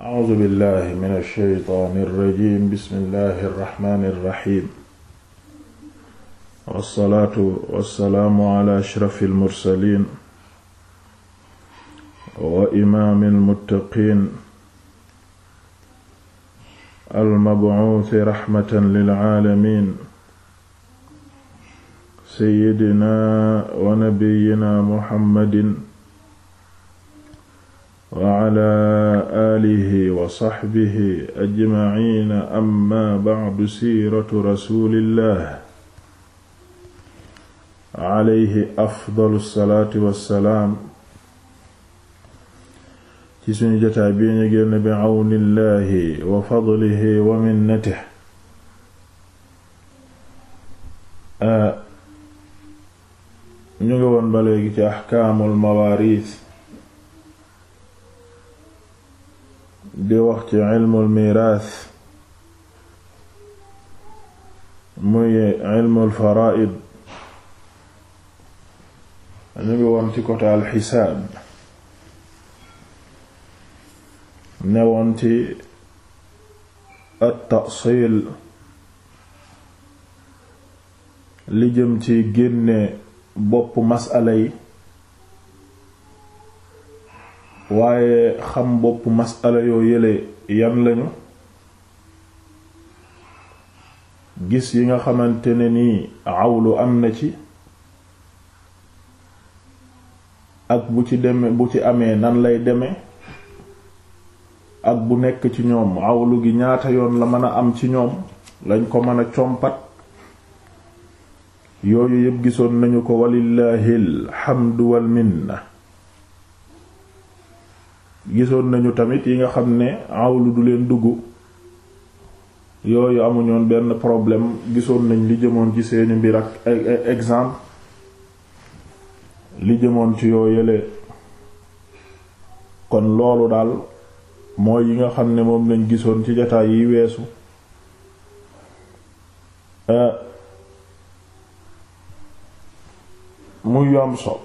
a'uuzu billahi mina shaytaani rajiim bismillahi rahmaani rahiim. wasalaatu wasalaamu ala ashrafil mursaliin. wa imaamil muttaqiin. al-mab'uusi rahmatan lil caalamiin. sayyidinaa wa nabiyyinaa muhammadin. wala alihi wa saxbihi ajmaciina amma bacdu siiratu rasulillah alayhi afdalu salaati wassalaam ci suñu jotaay bi ñu génn bi cawnillahi wa fadlihi wa minnatihi ñu ngi woon ba léegi di wax ci ilmul miiraas muy ilmul faraa'id ñu ngi woon ci côté alxisaab newoon ci at-taasiil li jëm ci génne bopp masala yi waaye xam bopp masala yoo yële yan lañu gis yi nga xamante ne nii awlu am na ci ak bu ci deme bu ci amee nan lay deme ak bu nekk ci ñoom awlu gi ñaata yoon la mën a am ci ñoom lañ ko mën a compat yooyu yépp gisoon nañu ko walillahi alhamdu wal minna gisoon nañu tamit yi nga xam ne awlu du leen dugg yooyu amuñoon benn problème gisoon nañ li jëmoon ci seeni mbir ak exemple li jëmoon ci yoo yële kon loolu daal mooy yi nga xam ne moom lañ gisoon ci jataay yi weesu eh, muy yom so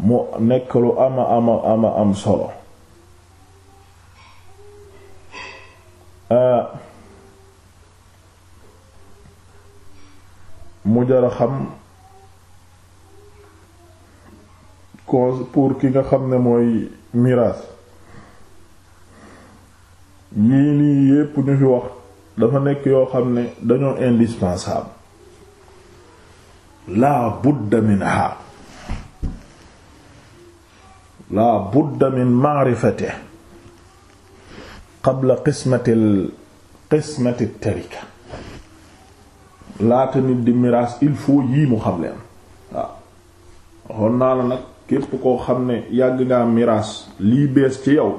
mu nekk ama ama am solo euh, mu jara xam cause pour ki nga xam ne mooy miraas yii nii yépp ñu fi wax dafa nekk yoo xam ne dañoo indispensable laa budda minha la budda min ma'rifatihi qabla qismati qismati tarika laata nit di miraas il faut yii mu xam leen waaw waxoon la nag képp koo xam ne yàgg ngaa miraas lii bees ci yow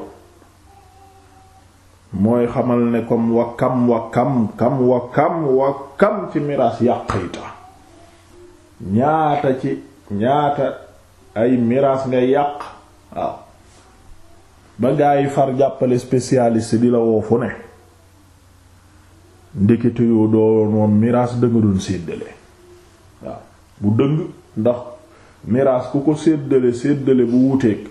mooy xamal ne comme wa kam wa kam kam wa kam wa kam ci miraas yàqita ñaata ci ñaata ay miraas nga yàq waaw ba gaa yi far jàppale spécialiste di la woo fu ne ndekete yoo woon miraas danga doon séddale waaw bu dëng ndax miraas ku ko séddale séddale bu wuteeg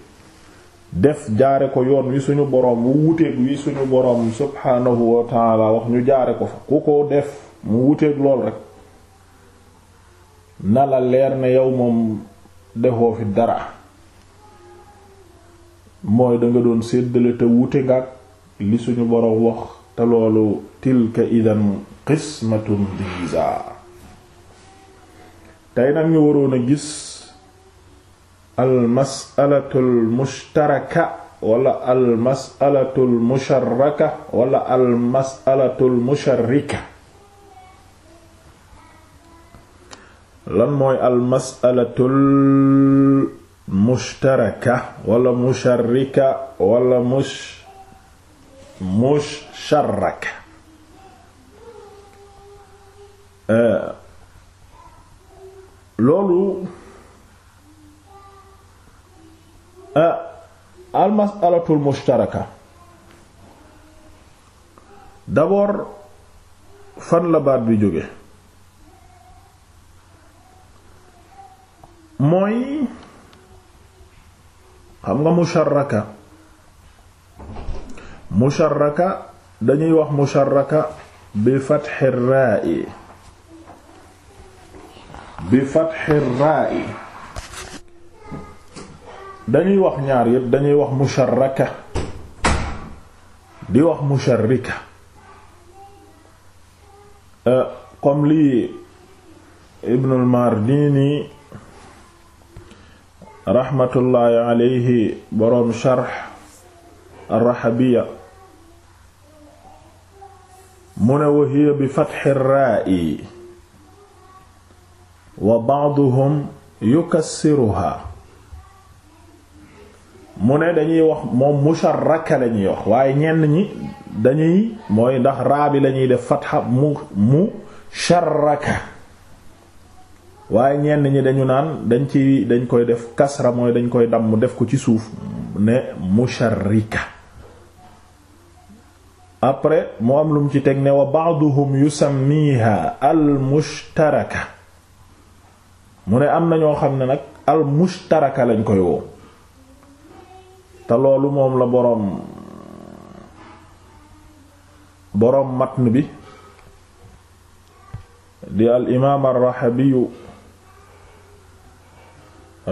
def jaare ko yoon wi suñu boroom bu wuteeg wi suñu boroom subhaanahu wa wax ñu jaare ko fa ku ko def mu wuteeg lool rek nala leer ne yow moom defoo fi dara mooy danga doon séddale te wuute nga li suñu boroom wax te loolu tilk idan qismatun diza tey nag ñu waroon a gis al masalatu al mushtaraka wala al masalatu al wala al masalatu al lan mooy al masalatu mushtaraka wala musharrika wala mush musharraka eh, loolu eh, al mas'alatul mushtaraka d'abord fan la baat bi jóge mooy xam nga musharraka musharraka dañuy wax musharraka bi fatxi rai bi fatxi rai dañuy wax ñaar yépp dañuy wax musharraka di wax musharrika euh, comme lii Ibnul Mardini raxmatullaahi alayhi boroom sharx arraxabiya mu ne wahiya bi fatxi raa'i wa ba'duhum yukassiruha mu ne dañuy wax moom musharraka lañuy wax waaye ñenn ñi dañuy mooy ndax raa bi lañuy def fatxa mu musharraka waaye ñenn ñi dañu naan dañ ci dañ koy def kasra mooy dañ koy damm def ko ci suuf ne musharrika après mu am lu mu ci teg ne wa ba'duhum yusammiha al mushtaraka mu ne am na ñoo xam ne nag al mushtaraka lañ koy woo te loolu moom la boroom boroom matn bi di al imaam ar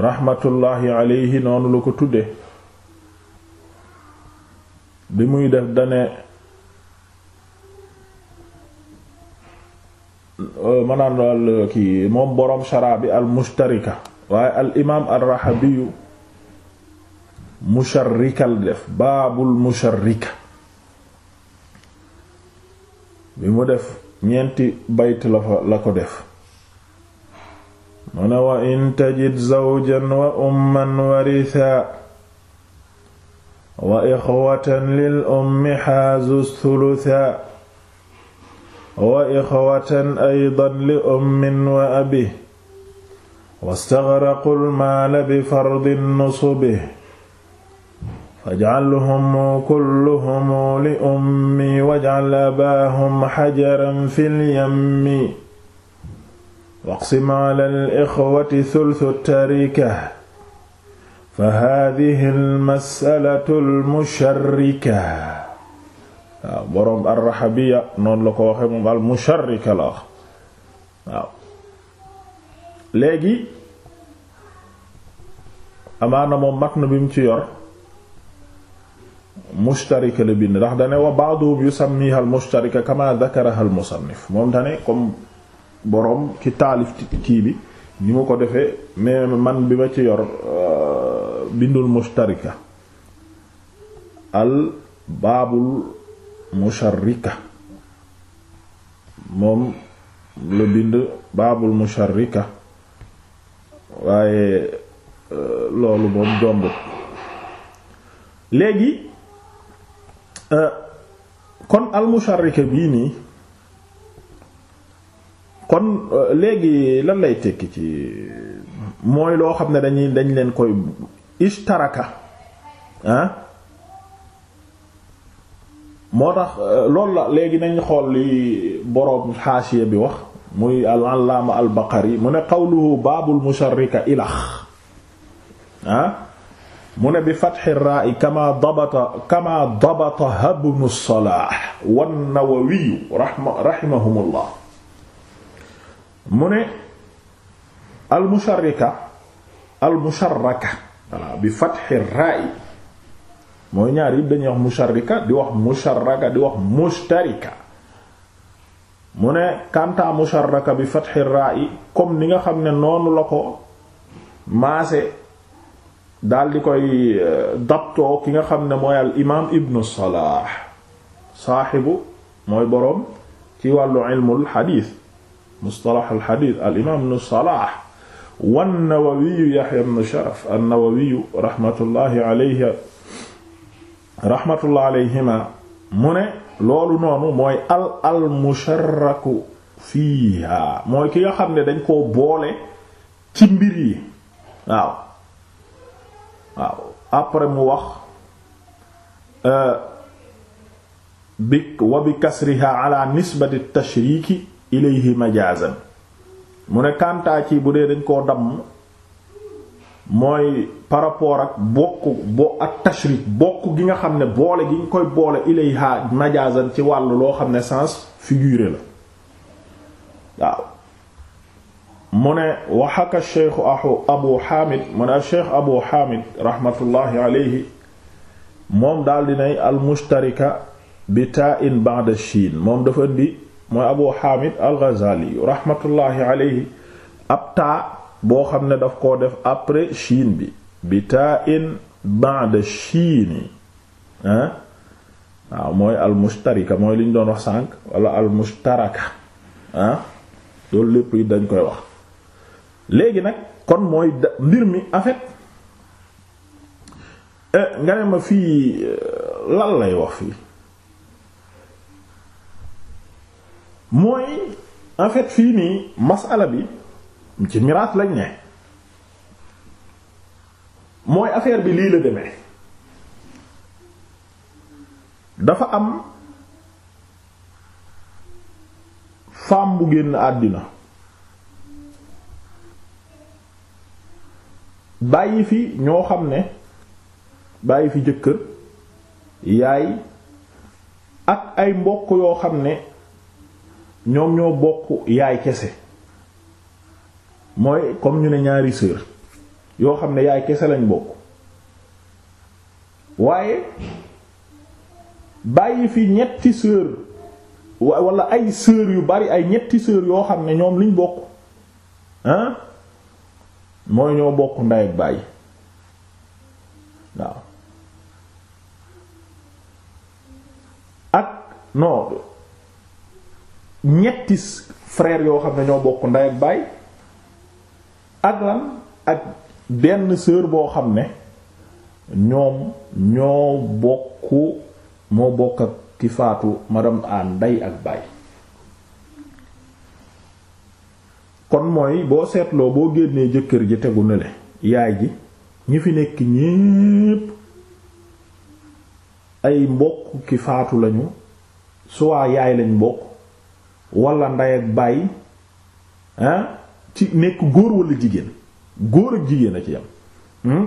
raxmatullaahi alayhi noonu la ko tudde bi muy def dane euh, manaan daal euh, kii moom boroom sharaa al mushtarika waaye al imaam al raxabiyu musharrikal def baabul musharrika bi mu def ñeenti bayt la ko def mu ne wa in tajid zawjan wa umman waritha wa ixwatan lil ummi xaazu thulutha wa ixwatan aydan li ummin wa abi wastagraqu lmaala bifardi nusubi fajcalhum kulluhum li ummi wajcal abaahum xajaran fi lyammi waqsim ala al-ixwati thulthu tarika fa haadihi al-mas'alatu al-musharrika waaw boroom ar-raxabiya noonu la ko waxe moom al-musharrika la wax waaw léegi amaana moom matn bi mu ci yor mushtarika la bind ndax dane wa ba'duhum yusammiha al-mushtarika kama dakaraha al-musannif moom dane comme boroom ci taalif kii bi ni mu ko defee mais man bi ma ci yor euh, bindul mushtarika al baabul musharrika moom la bind baabul musharrika waaye euh, loolu moom jombut léegi euh, kon al musharrika bii nii kon euh, léegi lan lay tekki ci mooy loo xam ne dañuy dañ leen koy ishtaraka ah loolu la léegi nañ xool li borob xaasiya bi wax muy al-allaama al-Baqari mu ne qawluhu baabul musharrika ilax ah mu ne bi fatxi raa kama dabata kama dabataha ibnu Salaah wan-Nawawi rahimahumullah mu ne al musharrika al musharraka walla bi fatxi raa mooy ñaar yi dañuy wax musharrika di wax musharraka di wax mushtarika mu ne kanta musharraka bi fatxi raa comme ni nga xam ne noonu la ko maase daal di koy euh, dabtoo ki nga xam ne mooy al imaam ibnu Salah saaxibu mooy boroom ci wàllu ilmul xadiis mustalax alxadit alimam ibnu salaah wannawawiyu yaxya ibnu sharaf annawawiyu raxmatullahi alayhi raxmatullah alayhima mu ne loolu noonu mooy al al musharraku fiiha mooy ki nga xam ne dañ koo boole ci mbir yi waaw waaw après mu wax euh, bi wa bi kasriha ala nisbati tashriiki ilayhi majaazan mu ne kantaa ci bu dee dañ koo damm mooy par rapport ak bokk bo ak tashrik bokk gi nga xam ne boole gi nga koy boole ilayha majaazan ci wàll loo xam ne sens figuré la waaw mu ne waxaka cheikhu abu hamid mu ne a abu hamid rahmatullahi alayhi moom daal dinay al mushtarika bi taa in ba'da moom dafa indi mooy abu xaamid al-Ghazali rahmatullahi alayhi ab taa boo xam ne daf koo def après shiin bi bi taa in ba'da shiini ah waaw mooy almustarika mooy li ñu doon wax sànq wala almustaraka ah loolu lépp yi dañ koy wax léegi nag kon mooy mbir mi en fait eh, nga ne ma fii eh, lan lay wax fii mooy en fait fii nii masala bi ci miraas lañ ne mooy affaire bi lii la demee dafa am femme bu génn àddina bàyyi fi ñoo xam ne bàyyi fi jëkkër yaay ak ay mbokk yoo xam ne ñoom ñoo bokk yaay kese mooy comme ñu ne ñaari sœur yoo xam ne yaay kese lañ bokk waaye bàyyi fi ñetti sœur wala ay sœur yu bari ay ñetti sœur yoo xam ne ñoom liñ bokk hein mooy ñoo bokk ndey ak baay waaw ak non ñetti frère yoo xam ne ñoo bokk ndey ak baay ak ak benn sœur boo xam ne ñoom ñoo bokk moo bokk ak ki faatu madame an ndey ak baay kon mooy boo seetloo boo génnee jëkkër ji tegu ne yaay ji ñi fi nekk ñépp ay mbokk ki faatu lañu suwaa yaay lañ mbokk wala nday ak bàyyi ah ci nekk góor wala jigéen góor ak jigéen a ci yam hmm?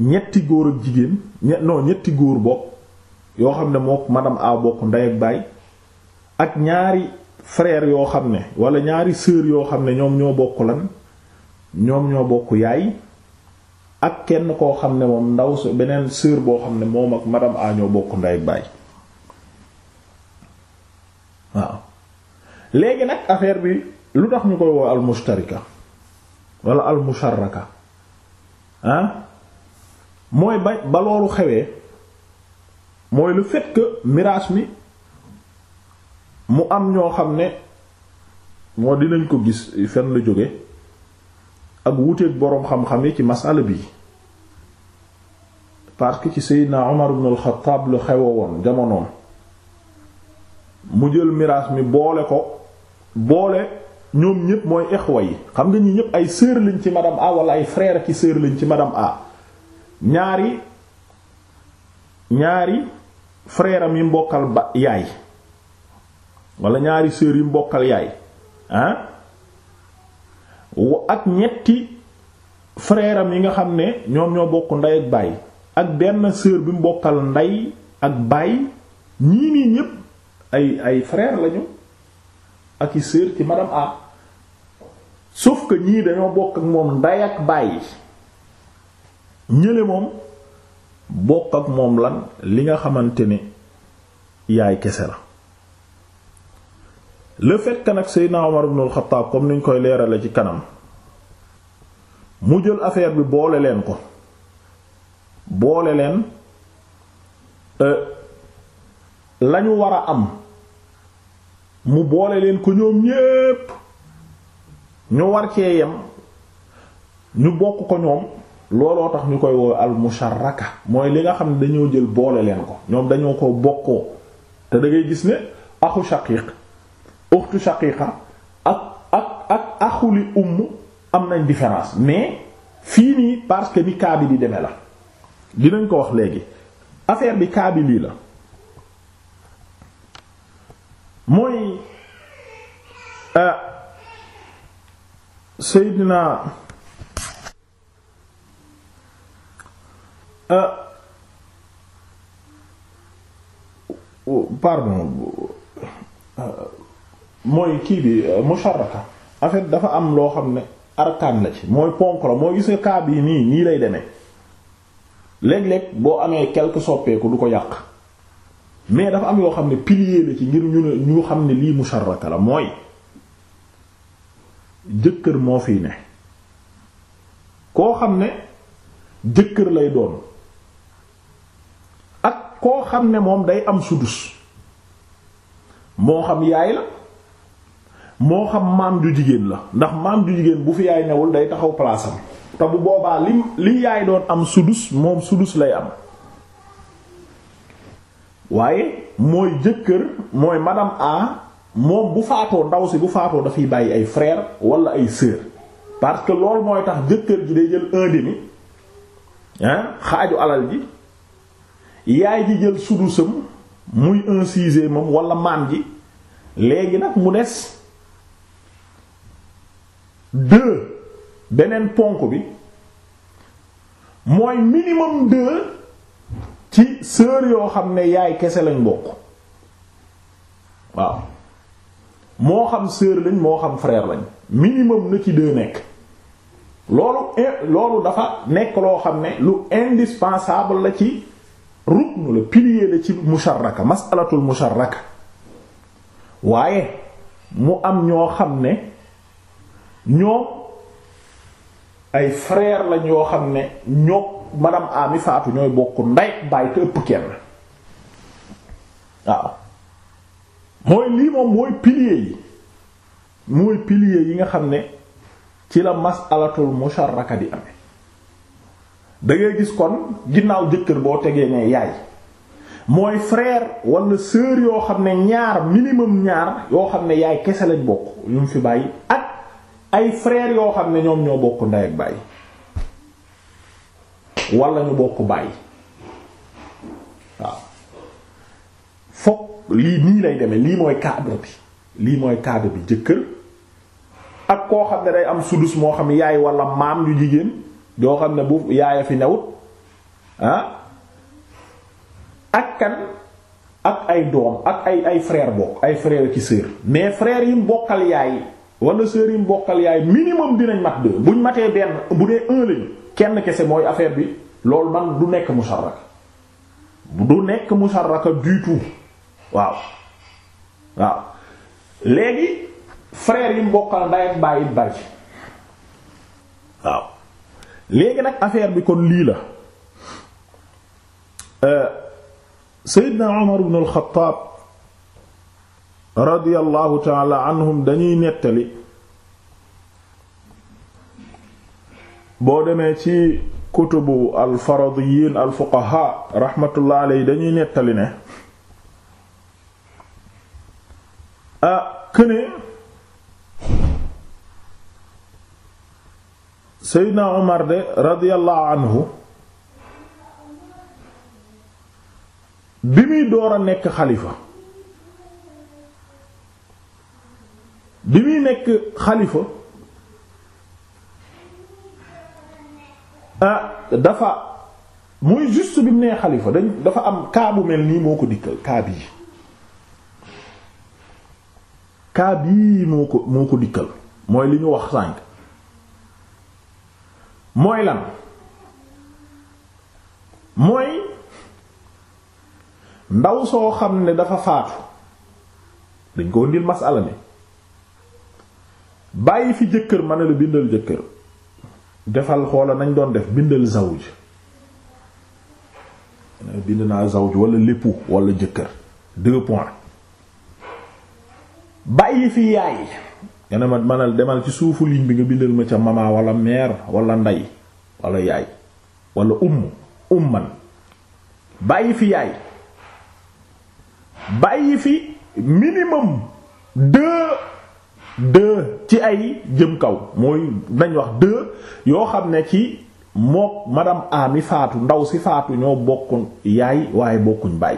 ñetti góor ak jigéen non ñetti góor bokk yoo xam ne mook madame a nday ak ak ñaari frère yoo xam ne wala ñaari sœur yoo xam ne ñoom ñoo bokk lan ñoom ñoo bokk yaay ak kenn koo xam ne moom ndaw beneen sœur boo xam ne moom ak madame a ñoo bokk nday ak bàyyi léegi nag affaire bi lu tax ñu koy woo almustarika wala almusharaka ah mooy ba ba loolu xewee mooy lu fait que miraas mi mu am ñoo xam ne moo dinañ ko gis fenn la jóge ak wuuteeg boroom xam-xam yi ci masala bi parce que ci Seydina Omar ibn al-Khattab lu woon jamonoom mu jël miraas mi boole ko boole ñoom ñëpp mooy exwa yi xam nga ñi ñëpp ay sœur lañ ci madame A wala ay frère ci sœur lañu ci madame A ñaari ñaari frère am yi mbokkal yaay wala ñaari sœur yi mbokkal yaay ah? ak ñetti frère yi nga xam ne ñoom ñoo bokk ndey ak baay ak benn sœur bi mbokkal ndey ak baay ñii nii ñëpp ay ay frère lañu ak i sœur ci ñii dañoo bokk ak moom nday ak bàyyi ñële moom bokk ak moom lan li nga xamante ni yaay kese la le fait que nag Seydina Omar ibn al-Khattab comme niñ koy leerale ci kanam mu jël affaire bi boole leen ko boole leen euh, lañu war a am mu boole leen ko ñoom ñépp ñu war cee yem ñu bokk ko ñoom looloo tax ñu koy woo al musharaka mooy li nga xam ne dañoo jël boole leen ko ñoom dañoo ko bokkoo te dangay gis ne aku shaqiq uxtu shaqiqa ak ak ak axuli umm am nañ différence mais fii nii parce que ni kaa bi di demee la dinañ ko wax léegi affaire bi kaa bi la mooy euh, Seydina euh, oh, pardon euh, mooy kii bi musharaka en dafa am loo xam ne arkaan la ci mooy ponk la mooy gis kaab yi nii nii lay demee léeg-léeg boo amee quelque soppeeku du ko yàq mais dafa am yoo xam ne pilier la ci ngir ñu ne ñu xam ne lii musharraka la mooy jëkkër moo fiy ne koo xam ne jëkkër lay doon ak koo xam ne moom day am sudus moo xam yaay la moo xam maam ju jigéen la ndax maam ju jigéen bu fi yaay newul day taxaw palaasam te bu boobaa li li yaay doon am sudus moom sudus lay am waaye mooy jëkkër mooy madame A moom bu faatoo ndaw si bu faatoo dafay bàyyi ay frère wala ay sœur parce que loolu mooy tax jëkkër ji day jël un demi alal ji yaay ji jël sudusam muy un sixième am wala maam ji léegi nag mu des deux beneen ponk bi mooy minimum deux ci sœur yoo xam ne yaay kese lañ bokk waaw moo xam sœur lañ moo xam frère lañ minimum na ci deux nekk loolu loolu dafa nekk loo xam ne lu indispensable la ci ruknu la pilier la ci musharraka masalatul musharraka waaye mu am ñoo xam ne ñoo ay frère lañ yoo xam ne ñoo madame ami faatu ñooy bokk nday bàyyi te ëpp kenn waaw mooy lii moom mooy pilier yi mooy pilier yi nga xam ne ci la masalatul musharaka di amee dangay gis kon ginnaaw jëkkër boo tegee ne yaay mooy frère wala sœur yoo xam ne ñaar minimum ñaar yoo xam ne yaay kese lañ bokk yu mu fi bàyyi ak ay frère yoo xam ne ñoom ñoo bokk ndey ak bàyyi wala ñu bokk bàyyi waaw fokk lii nii lay demee lii mooy cadre bi lii mooy cadre bi jëkkër ak koo xam ne day am sudus moo xam yaay walla maam yu jigéen yoo xam ne bu yaaya fi newut ah ak kan ak ay doom ak ay ay bokk ay frère ci sœur mais frère yi mu bokkal yaay wala sœur yi mu bokkal yaay minimum dinañ mat deux buñ matee benn bu dee un kenn kese mooy affaire bi loolu man du nekk musharraka du nekk musharraka du tout waaw waaw léegi frère yi mbokkal nday ak baay bari waaw léegi nag affaire bi kon lii la euh, Seydina Umar ibn al-Khattab radiyallahu anhum dañuy nettali boo demee ci kutubu al faradiyin al fuqaha rahmatullah aley dañuy nettali ne ah këne seydna umar de radiyallahu anhu bi muy door a nekk xalifa bi muy nekk xalifa Euh, dafa muy juste bi mu nee xalifa dañ dafa am kaa bu mel nii moo ko dikkal kaa yi kaa bii moo ko moo ko dikkal mooy li ñu wax sànk mooy lan mooy ndaw soo xam ne dafa faatu dañ ko ndil masala mi bàyyi fi jëkkër mën a la bindal jëkkër defal xoola nañ doon def bindal zawj bind naa zawj wala l'époux wala jëkkër deux points bàyyi fi yaay nga ne ma manal demal ci suufu ligne bi nga bindal ma ca mama walla mère walla ndey walla yaay walla umm umman bàyyi fi yaay bàyyi fi minimum deux deux ci ay jëm kaw mooy nañ wax deux yoo xam ne ci mook madame A mi faatu ndaw si faatu ñoo bokk yaay waaye bokkuñ baay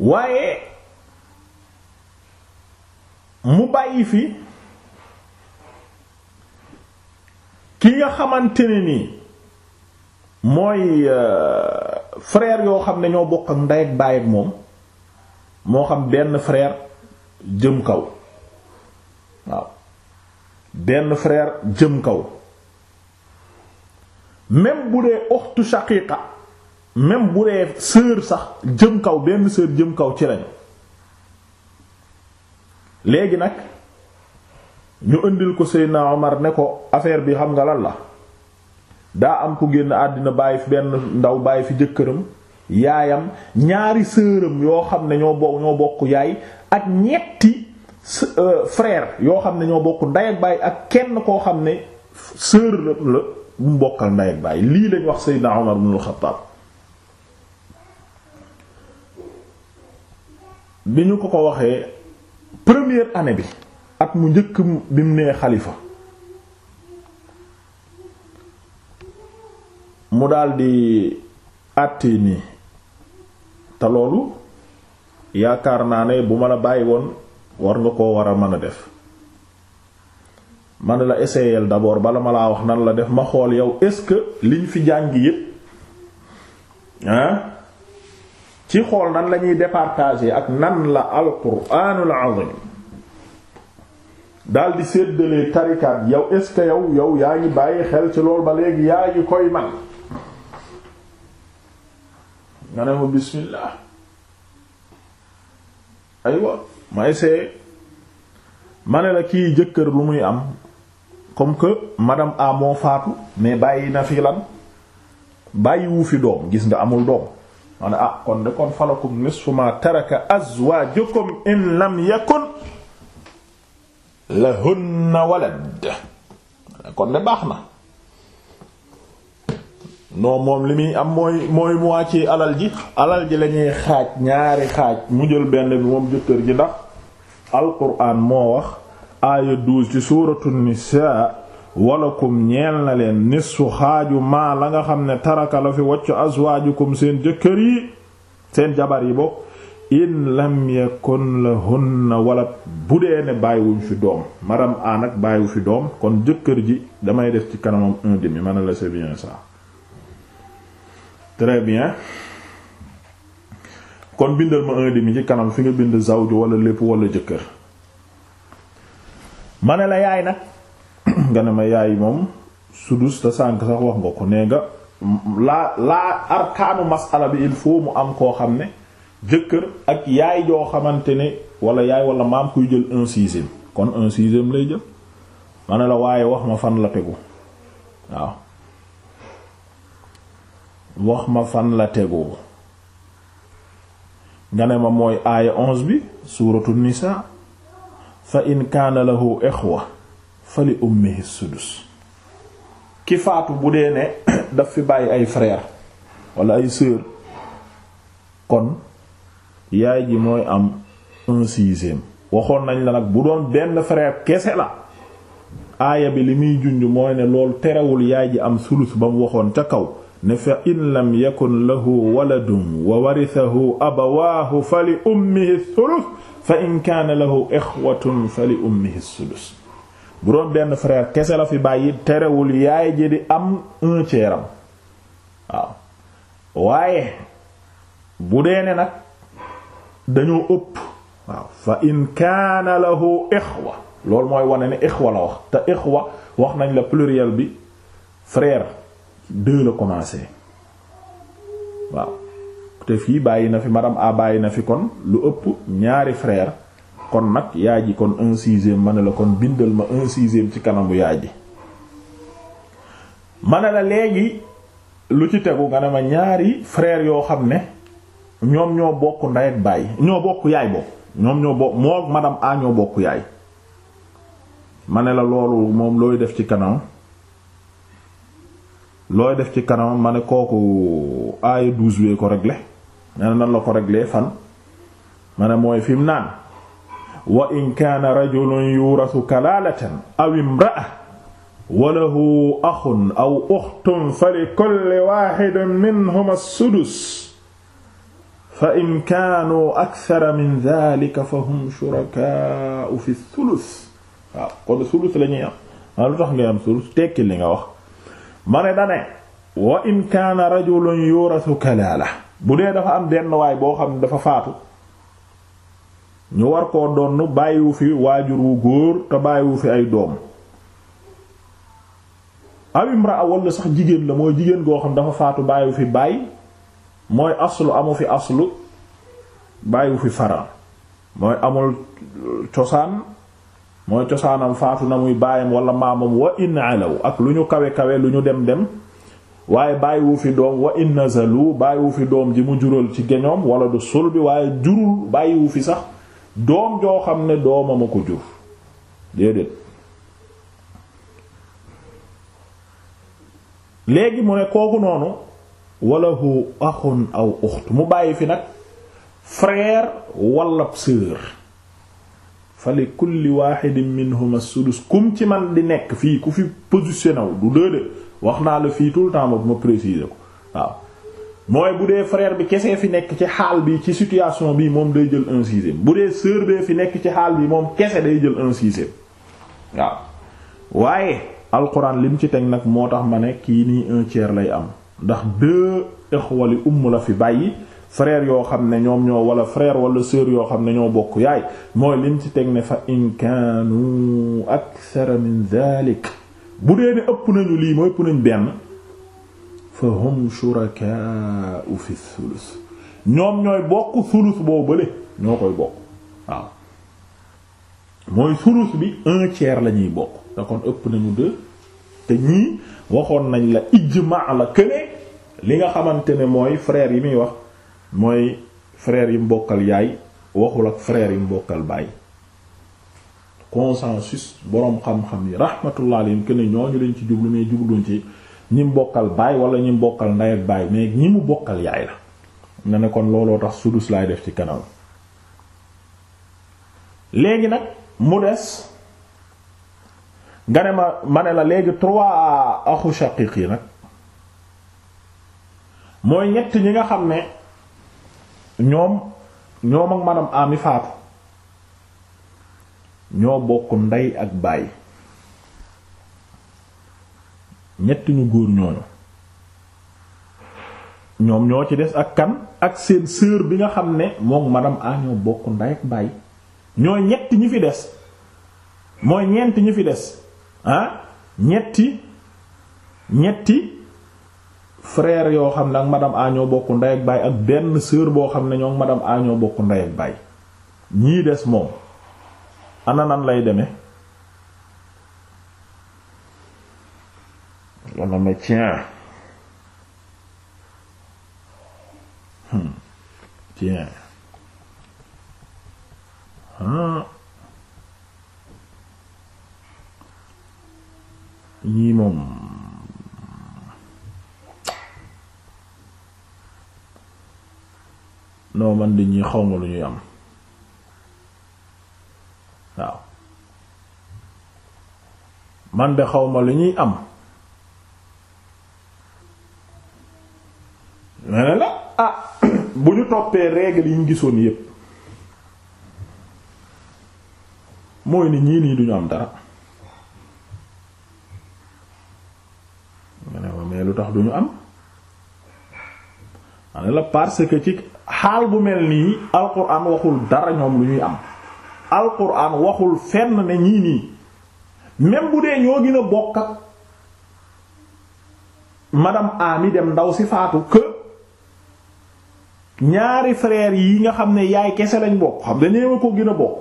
waaye mu bàyyi fi ki nga xamante ne ni mooy euh, frère yoo xam ne ñoo bokk ak ndey ak baay ak moom moo xam benn frère jëm kaw waaw benn frère jëm kaw même bu dee oxtu shaqiqa même bu dee sœur sax jëm kaw benn sœur jëm kaw ci lañu léegi nag ñu indil ko Seydina Omar ne ko affaire bi xam nga lan la daa am ku génn àddina bàyyi fi benn ndaw bàyyi fi jëkkëram yaayam ñaari sëram yoo xam ne ñoo bokk ñoo bokk yaay ak ñetti euh, frère yoo xam ne ñoo bokk nday ak baay ak kenn koo xam ne sër la la mu bokkal nday ak baay lii lañ wax Seydina Umar ibn al-Khattab bi ñu ko ko waxee première année bi at mu njëkk bi mu nee xalifa mu daldi àttee nii te loolu yaakaar naa ne bu ma la bàyyi woon war nga koo war a mën a def man la essayer d'abord bala ma laa wax nan la def ma xool yow est-ce que liñ fi jàng yépp ah ci xool nan lañuy ñuy départager ak nan la alquranul azim daldi séddalee tarikaat yow est-ce que yow yaa ngi bàyyi xel ci loolu ba léegi yaa ngi koy man nga ne ma bismillah aywa ma essayé ma la kii jëkkër lu muy am comme que madame a moo faatu mais bàyyi na fii lan bàyyiwu fi doom gis nga amul doom ma ne ah kon de kon falakum nisfu ma taraka azwajukum in lam yakun lahunna walad kon de baax na non moom li muy am mooy mooy moitié alal ji alal ji lañuy xaaj ñaari xaaj mu jël benn bi moom jëkkër ji ndax alquran moo wax aaya 12 ci suuratu nisaa walakum ñeel na leen nisfu xaaju maa la nga xam ne taraka la fi wocc waccu azwaajukum seen jëkkër yi seen jabar yi bo in lam yakun lahunna wala bu dee ne bàyyiwuñ fi doom maram an ak bàyyiwu fi doom kon jëkkër ji damay def ci kanamam un demi mana la c'est bien ça très bien kon bindal ma un demi ci kanam fi nga bind zawju wala lépp wala jëkkër ma ne la yaay nag nga ne ma yaay moom sudus te sànk sax wax nga ko nee nga laa laa arkaanu masala bi il faut mu am koo xam ne jëkkër ak yaay joo xamante ne wala yaay wala maam kuy jël un sixième kon un sixième lay jël ma ne la waaye wax ma fan la tegu waaw wax ma fan la tegoo nga ne ma mooy aaya onze bi suuratu nisaa fa in kaana lahu ixwa fa li ki faatu bu dee ne daf fi bàyyi ay frère wala ay sœur kon yaay ji mooy am un sixième waxoon nañ la nag bu doon benn frère kese la aaya bi li muy junj mooy ne loolu terewul yaay ji am sulus ba mu waxoon ca kaw ne fa in lam yakun lahu waladun wa kese la fi bàyyi terewul yaay ji di am un waaye bu dee ne nag dañoo ëpp in kaana mooy wane ne la wax nañ la pluriel bi frère deux la commencé waaw te fii bàyyi na fi madame A bàyyi na fi kon lu ëpp ñaari frère kon nag yaay ji kon un sixième ma ne la kon bindal ma un sixième ci kanamu yaay ji ma ne la léegi lu ci tegu nga ne ma ñaari frère yoo xam ne ñoom ñoo bokk ndey ak baay ñoo bokk yaay bokk ñoom ñoo bokk moo madame A ñoo bokk yaay ma ne la loolu moom looy def ci kanam. looy def ci kanamam mane kooku aaya douze wee ko réglé ma nan la ko regle fan ma mooy fi mu naan wa in kaana rajulun yurasu kalaalatan aw imra'a wa lahu axun aw uxtun fa li kulli waaxidin minhum as-sudus fa in kaanuu min dhalika fa hum shurakaa'u fi thuluth kon thuluth la ñuy am waaw lu tax ngay am thuluth tekki li nga wax ma ne dane wa in kaana rajulun yurasu kalaala bu dee dafa am benn waay boo xam ne dafa faatu ñu war koo donn bàyyiwu fi waajur wu góor te bàyyiwu fi ay doom aw imraa walla sax jigéen la mooy jigéen goo xam dafa faatu bàyyiwu fi baay mooy aslu amu fi aslu bàyyiwu fi faran mooy amul cosaan mooy cosaanam faatu na muy baayam wala maamam wa in alaw ak lu ñu kawe kawe lu ñu dem dem waaye bàyyiwu fi doom wa in nazalu bàyyiwu fi doom ji mu jural ci geñoom wala du sul bi waaye jurul bàyyiwu fi sax doom joo xam ne doomam a ko jur léegi mu ne kooku noonu walahu axun aw uxt mu bàyyi fi nag frère wala sœur fa li kulli waaxidin minhuma sudus kum ci man di nekk fii ku fi positionné wu du déedéet wax naa la fii tout le temps boobu ma préciser ko waaw mooy bu dee frère bi kese fi nekk ci xaal bi ci situation bi moom day jël un sixième bu dee sœur bee fi nekk ci xaal bi moom kese day jël un sixième waaw waaye alxuraan lim ci teg nag moo tax ma ne kii nii un tiers lay am ndax deux ixwali umm la fi bàyyi frère yoo xam ne ñoom ñoo wala frère wala sœur yoo xam ne ñoo bokk yaay mooy lim ci teg ne fa in kaanu akthara min dhalik bu dee ne ëpp nañu lii mooy ëpp nañ benn fa hum shurakaa'u fi thuluth ñoom ñooy bokk thuluth boo bële ñoo koy bokk waaw mooy thuluth bi un tiers la bokk da kon ëpp nañu deux te ñii waxoon nañ la ijmaa la këne li nga xamante ne mooy frère yi muy wax mooy frère yi mbokkal yaay waxul ak frère yi mbokkal baay consensus boroom xam-xam yi rahmatullah alayhim que ne ñooñu lañ ci jublu mais jubluñ ci ñi mbokkal baay wala ñi mbokkal ndey ak baay mais ñi mu bokkal yaay la. na ne kon looloo tax sudus lay def ci kanam léegi nag mu des nga ne ma ma ne la léegi trois axu shaqiq yi nag mooy ñett ñi nga xam ne. ñoom ñoom ak madame ami faatu ñoo bokk ndey ak baay ñett ñu góor ñooñu ñoom ñoo ci des ak kan ak seen sœur bi nga xam ne mook madame a ñoo bokk ndey ak baay ñooy ñett ñi fi des mooy ñeent ñi fi des ah ñetti ñetti frère yoo xam ne ak madame añoo bokk ndey ak baay ak benn sœur boo xam ne ñoom madame añoo bokk ndey ak baay ñii des moom ana lay deme lana ma ñii ah. hmm. hmm. moom noo man di ñuy xaw lu ñuy am waaw man de xaw lu ñuy am mene la ah bu ñu toppee règle yi ñu gisoon yépp mooy ni ñii nii duñu am dara ma ne ma lu tax duñu am ma ne la parce que ci xaal bu mel nii alquran waxul dara ñoom lu ñuy am alquran waxul fenn ne ñii nii même bu dee ñoo gën a bokk ak madame ami dem ndaw si faatu que ñaari frères yi nga xam ne yaay kese lañ bokk xam nga ko gën a bokk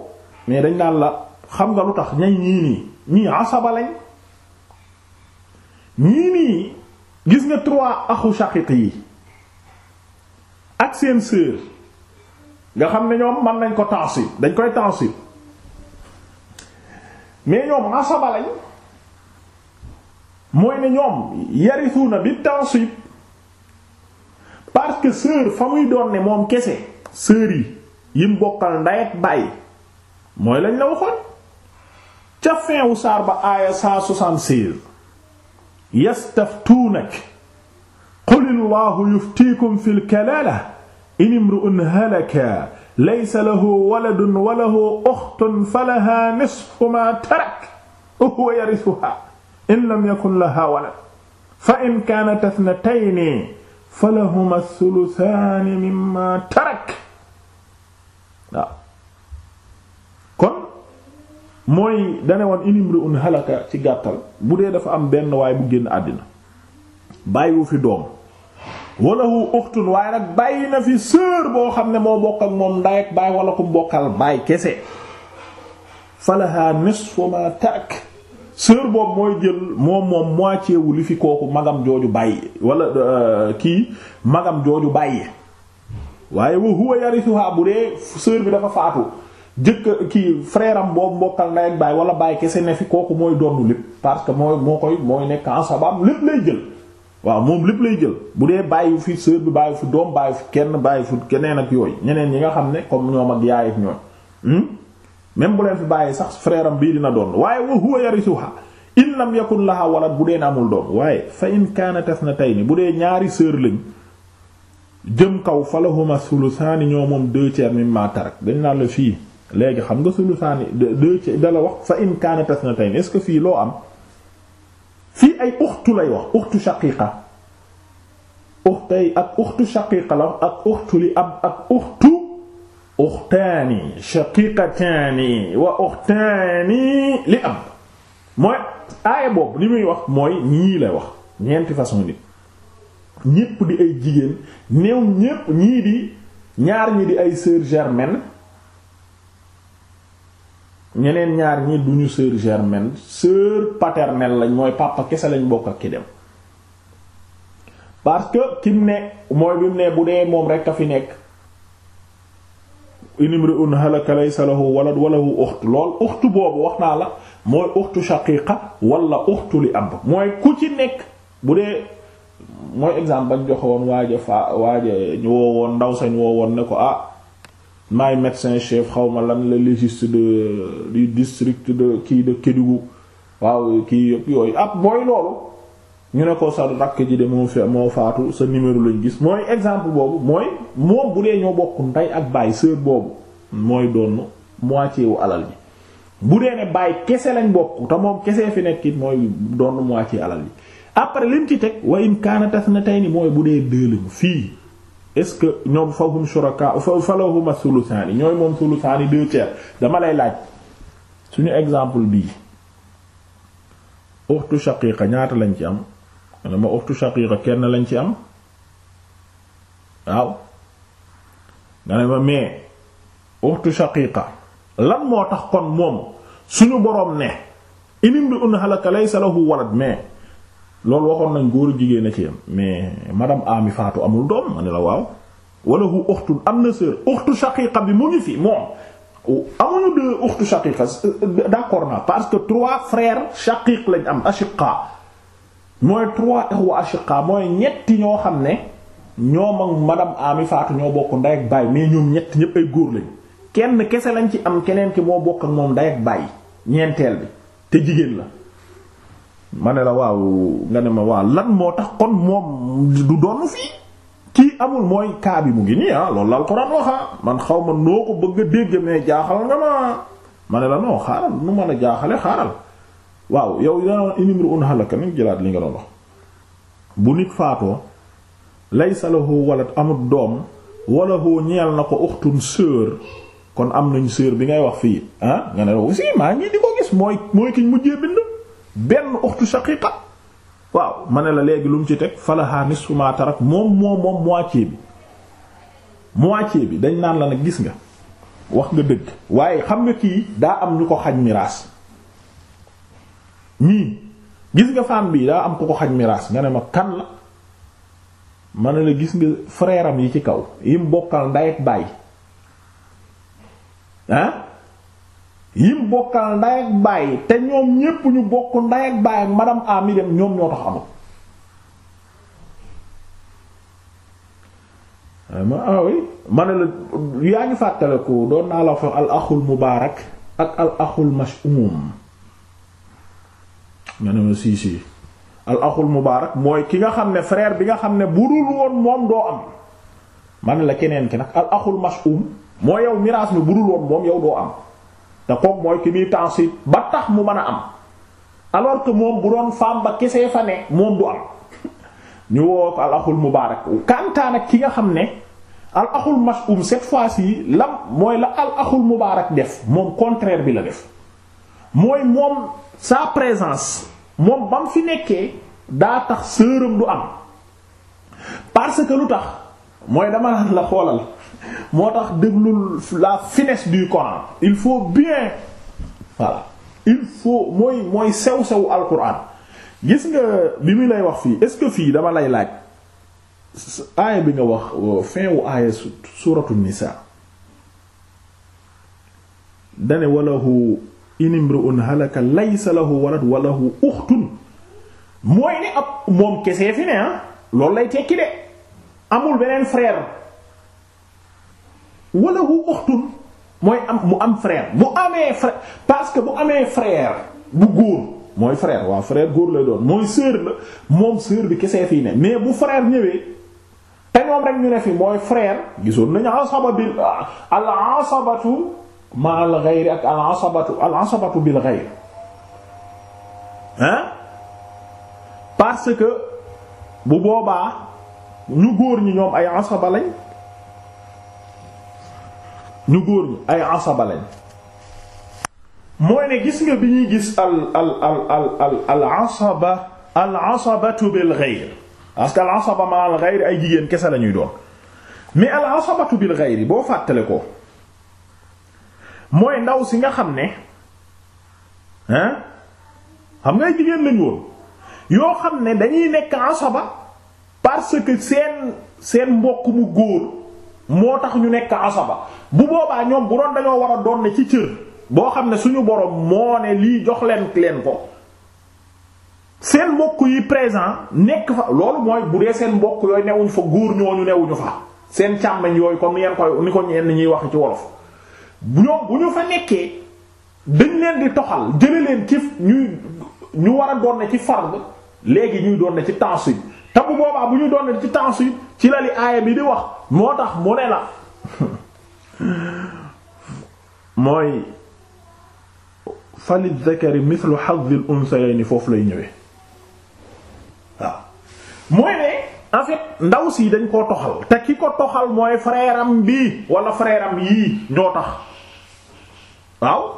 mais dañ daan la xam nga lu tax ñay ñii nii ñii asaba lañ ñii nii gis nga trois axu shaqiq yi. seen sœur nga xam ne ñoom mën nañ ko tansib dañ koy tansib mais ñoom asaba lañ mooy ne ñoom yarisuuna bi tansib parce que sœur fa muy doon ne moom kese sœur yi yim bokkal ndey ak baay mooy lañ la waxoon ca fin wu saar ba aaya 176 yastaftuunak qul allahu yuftiikum fil kalaala in imru'un halaka laysa lahu waladun wa lahu ukhtun falaha nisfu ma taraka wa huwa yarithuha in lam yakun laha walad fa in kanat ithnatayni falahuma thuluthaani mimma taraka waaw kon mooy dane woon in imru'un halaka ci gàttal bu dee dafa am benn waay bu génn àddina bàyyiwu fi doom walahu uxtun waaye nag bàyyi na fi sœur boo xam ne moo bokk ak moom nday ak baay wala ku bokkal bàyyi kese falaha nisfu ma tarak sœur boobu mooy jël moom moom moitié wu li fi kooku magam jooju bàyyi wala euh, kii magam jooju bàyyi waaye wa huwa bu dee sœur bi dafa faatu jëkk kii frère am boobu mbokkal nday ak baay wala baay kese ne fi kooku mooy dondu lépp parce que mooy moo koy mooy nekk en sabam lépp lay jël waaw moom lépp lay jël bu dee bàyyi fi sœur bi bàyyi fu doom bàyyi fi kenn bàyyi fi keneen ak yooyu ñeneen yi nga xam ne comme ñoom ak yaay ak ñoom hmm? même bu leen fi bàyyi sax frère bii dina doon waaye wa huwa yarisuha in lam yakun laha walad bu dee na amul doom waaye fa na kanat ithnatayni bu dee ñaari sœur lañ jëm kaw falahuma sulusaani ñoo moom deux mi mimma tarak dañ naan la fii léegi xam nga sulusaani deux tiers dala wax fa in kanat ithnatayni est-ce que fii loo am fii ay uxtu lay wax uxtu shaqiqa uxtay ak uxtu shaqiqa la ak uxtu li ab ak uxtu uxtaani shaqiqataani wa uxtaani li ab mooy aaya boobu li muy wax mooy ñii lay wax ñeenti façon nit ñépp di ay jigéen néew ñépp ñii di ñaar ñi di ay sœurs ñeneen ñaar ñi duñu sœur germaine sœur paternelle lañ mooy papa kese lañ bokk ak ki dem parce que kim ne mooy bi mu ne bu dee moom rek a fi nekk inimri'un halaka laysa lahu walad wa lahu ukht lool uxtu boobu wax naa la mooy uxtu shaqiqa wala uxtu li ab mooy ku ci nekk bu dee mooy exemple bañ joxe woon waaja fa waaja ñu woo woon ndaw sañ woo woon ne ko ah maay médecin chef xawma lan la légiste de du district de kii de Kédougou waaw kii yooyu ab ah, mooy loolu ñu ne ko sa rakk ji de moo fi moo faatu sa numéro lañu gis mooy exemple boobu mooy moom bu dee ñoo bokk ndey ak baay sœur boobu mooy doon moitié wu alal ji bu dee ne baay kese lañ bokk te moom kese fi nekk it mooy doon moitié alal ji après lim ci teg wa in kaana tasnatayni mooy bu dee deux lañu fii est-ce que ñoom fahum shuraka falahuma thuluthaani ñooy moom thuluthaani deux tiers dama lay laaj suñu exemple bii uxtu shaqiqa ñaata lañ ci am dama uxtu shaqiqa kenn lañ ci am waaw nga ma mais uxtu shaqiqa lan moo tax kon moom suñu boroom ne inimri'un halaka laysa lahu walad mais loolu waxoon nañ góor a jigéen a ci yam mais madame ami faatu amul doom ma ne la waaw wala hu uxtun am na sœur uxtu shaqiqa bi mu ngi fi moom amuñu deux uxtu shaqiqa euh, d'accord na parce que trois frères shaqiq lañ am ashiqa mooy trois ikhwa ashiqa mooy ñetti ñoo xam ne ñoom ak madame ami faatu ñoo bokk ndey ak baay mais ñoom ñett ñépp ay góor lañ kenn kese lañ ci am keneen ki moo bokk ak moom ndey ak baay ñeenteel bi te jigéen la ma ne la waaw nga ne ma waaw lan moo tax kon moom du doon fii kii amul mooy kaa bi mu ngi nii ah loolu la alxuraan waxa ah. man xaw ma noo ko bëgg a dégg mais jaaxal nga ma ma ne la noo xaaral nu mën a jaaxale xaaral waaw yow yaa inimru un halaka ni jëlaat li nga doon bu nit faatoo laysa lahu walad amul doom wala hoo ñeel na ko uxtun sœur kon am nañ sœur bi ngay wax fii ah nga ne la aussi maa ngi di ko gis mooy mooy kiñ mujjee bind benn uxtu shaqiqa waaw ma ne la léegi lu mu ci teg falaha nisfu ma tarak moom moom moom moitié bi moitié bi dañ naan la nag gis nga wax nga dëgg waaye xam nga kii daa am ñu ko xaj miraas ñii gis nga femme bi daa am ku ko xaj miraas nga ne ma kan la ma ne la gis nga frère yi ci kaw yim bokkal nday ak baay ah yim bokkal nday ak bàyyi te ñoom ñépp ñu bokk nday ak bàyyi ak madame ami dem ñoom ñoo tax amul eh, ma awi ah ma la yaa ngi fàttaleku doon naa la fa al axul mubaarak ak al axul mash'um ma sii sii al axul mooy ki nga xam ne frère bi nga xam ne bu dul woon moom doo am ma ne la keneen ki nag al axul mash'um mooy yow miraas mi bu dul woon moom yow doo am te kook mooy ki muy tansib ba tax mu mën a am alors que moom bu doon femme ba kesee fa ne moom du am ñu woo ko al mubaarak kantaan ak ki nga xam ne al axul um cette fois-ci lam mooy la al axul mubaarak def moom contraire bi la def mooy moom sa présence moom ba mu fi nekkee daa tax sëram du am parce que lu tax mooy dama la xoolal moo tax déglul la finesse du Coran il faut bien voilà il faut mooy mooy sew sew alquran gis nga bi mu lay wax fii est-ce fii dama lay laaj aaya bi nga wax fin wu aaya suratu nisa dane walahu inimru'un halaka laysa lahu walad walahu uxtun mooy ne ab moom kesee fi ne ah, loolu lay tekki de amul beneen frère wala hu uxtun mooy am mu am frère bu amee frère parce que bu amee frère bu góor mooy frère waaw frère góor lay doon mooy sœur la moom sœur bi kese fii ne mais bu frère ñëwee te ñoom rek ñu ne fi mooy frère gisoon nañu asaba bil al asabatu ma al ghayr ak al asabatu bil ghayr hein parce que bu boobaa ñu góor ñi ñoom ay asaba lañ ñu góor ñi ay asaba lañ mooy ne gis nga bi ñuy gis al al al al al al asaba al asabatu bil ghayr parce que al asaba ma al ghayr ay jigéen kese la ñuy doon mais al asabatu bil ghayr boo fàttale ko mooy ndaw si nga xam ne hein xam ngay jigéen lañu woon yoo xam ne dañuy nekk asaba parce que seen seen mbokk mu góor moo tax ñu nekk asaba bu boobaa ñoom bu doon dañoo war a doon ne ci cër boo xam ne suñu borom moo ne lii jox leen leen ko seen mbokk yi présent nekk fa loolu mooy bu dee seen mbokk yooyu newuñ fa góor ñooñu newuñu fa seen càmmañ yooyu comme yeen koy ni ko ñuy wax ci wolof ñoom bu ñu fa nekkee dañ leen di toxal jële leen ci ñuy ñu war a doon ne ci fard léegi ñuy doon ne ci temps yi te bu boobaa bu ñuy doon ne ci temps yi ci la li aaya bi di wax moo tax mu ne la mooy falil zakari mithlu hazzil unsayayni foofu lay ñëwee waaw mooy ne en fait ndaw si dañ koo toxal te ki ko toxal mooy frère am bii wala frère am yii ñoo tax waaw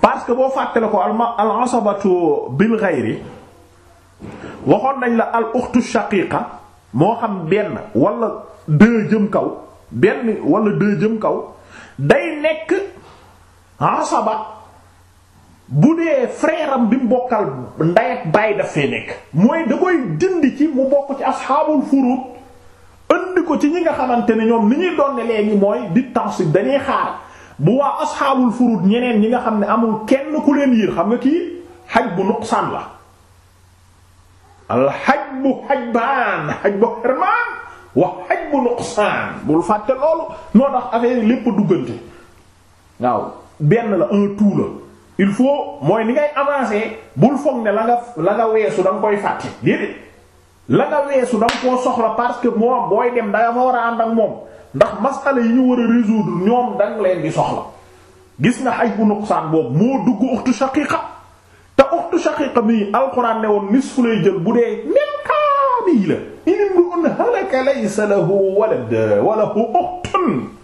parce que boo fàttale ko al asabatu bil ghayri waxoon nañ la al ukhtu shaqiqa moo xam benn wala deux kaw benn wala deux jëm kaw day nekk asaba bu dee frère am bi mu bokkal nday ak baay daf nekk mooy da koy dindi ci mu bokk ci asxaabul furuud indi ko ci ñi nga xamante ne ñoom ni ñuy doon ne léegi mooy di tansib dañuy xaar bu waa asxaabul furuud ñeneen ñi nga xam ne amul kenn ku leen yiir xam nga kii xaj bu nuqsaan la al xaj bu xaj baan xaj bu hermaan wax xaj bu nuqsaan bul fàtte loolu noo tax affaire yi lépp duggante waaw benn la un tout la il faut mooy ni ngay avancer bul foog ne la nga la nga weesu da koy fàtte déedéet la nga weesu da nga koo soxla parce que moom booy dem da nga fa war a ànd ak moom ndax masala yi ñu war a résoudre ñoom da nga leen di soxla gis nga xaj bu nuqsaan boobu moo dugg uxtu shaqiqa te uxtu shaqiqa mi alxuraan ne woon nisfu lay jël bu dee même cas bii la. man halaka laysa lahu walad wa lahu ukhtun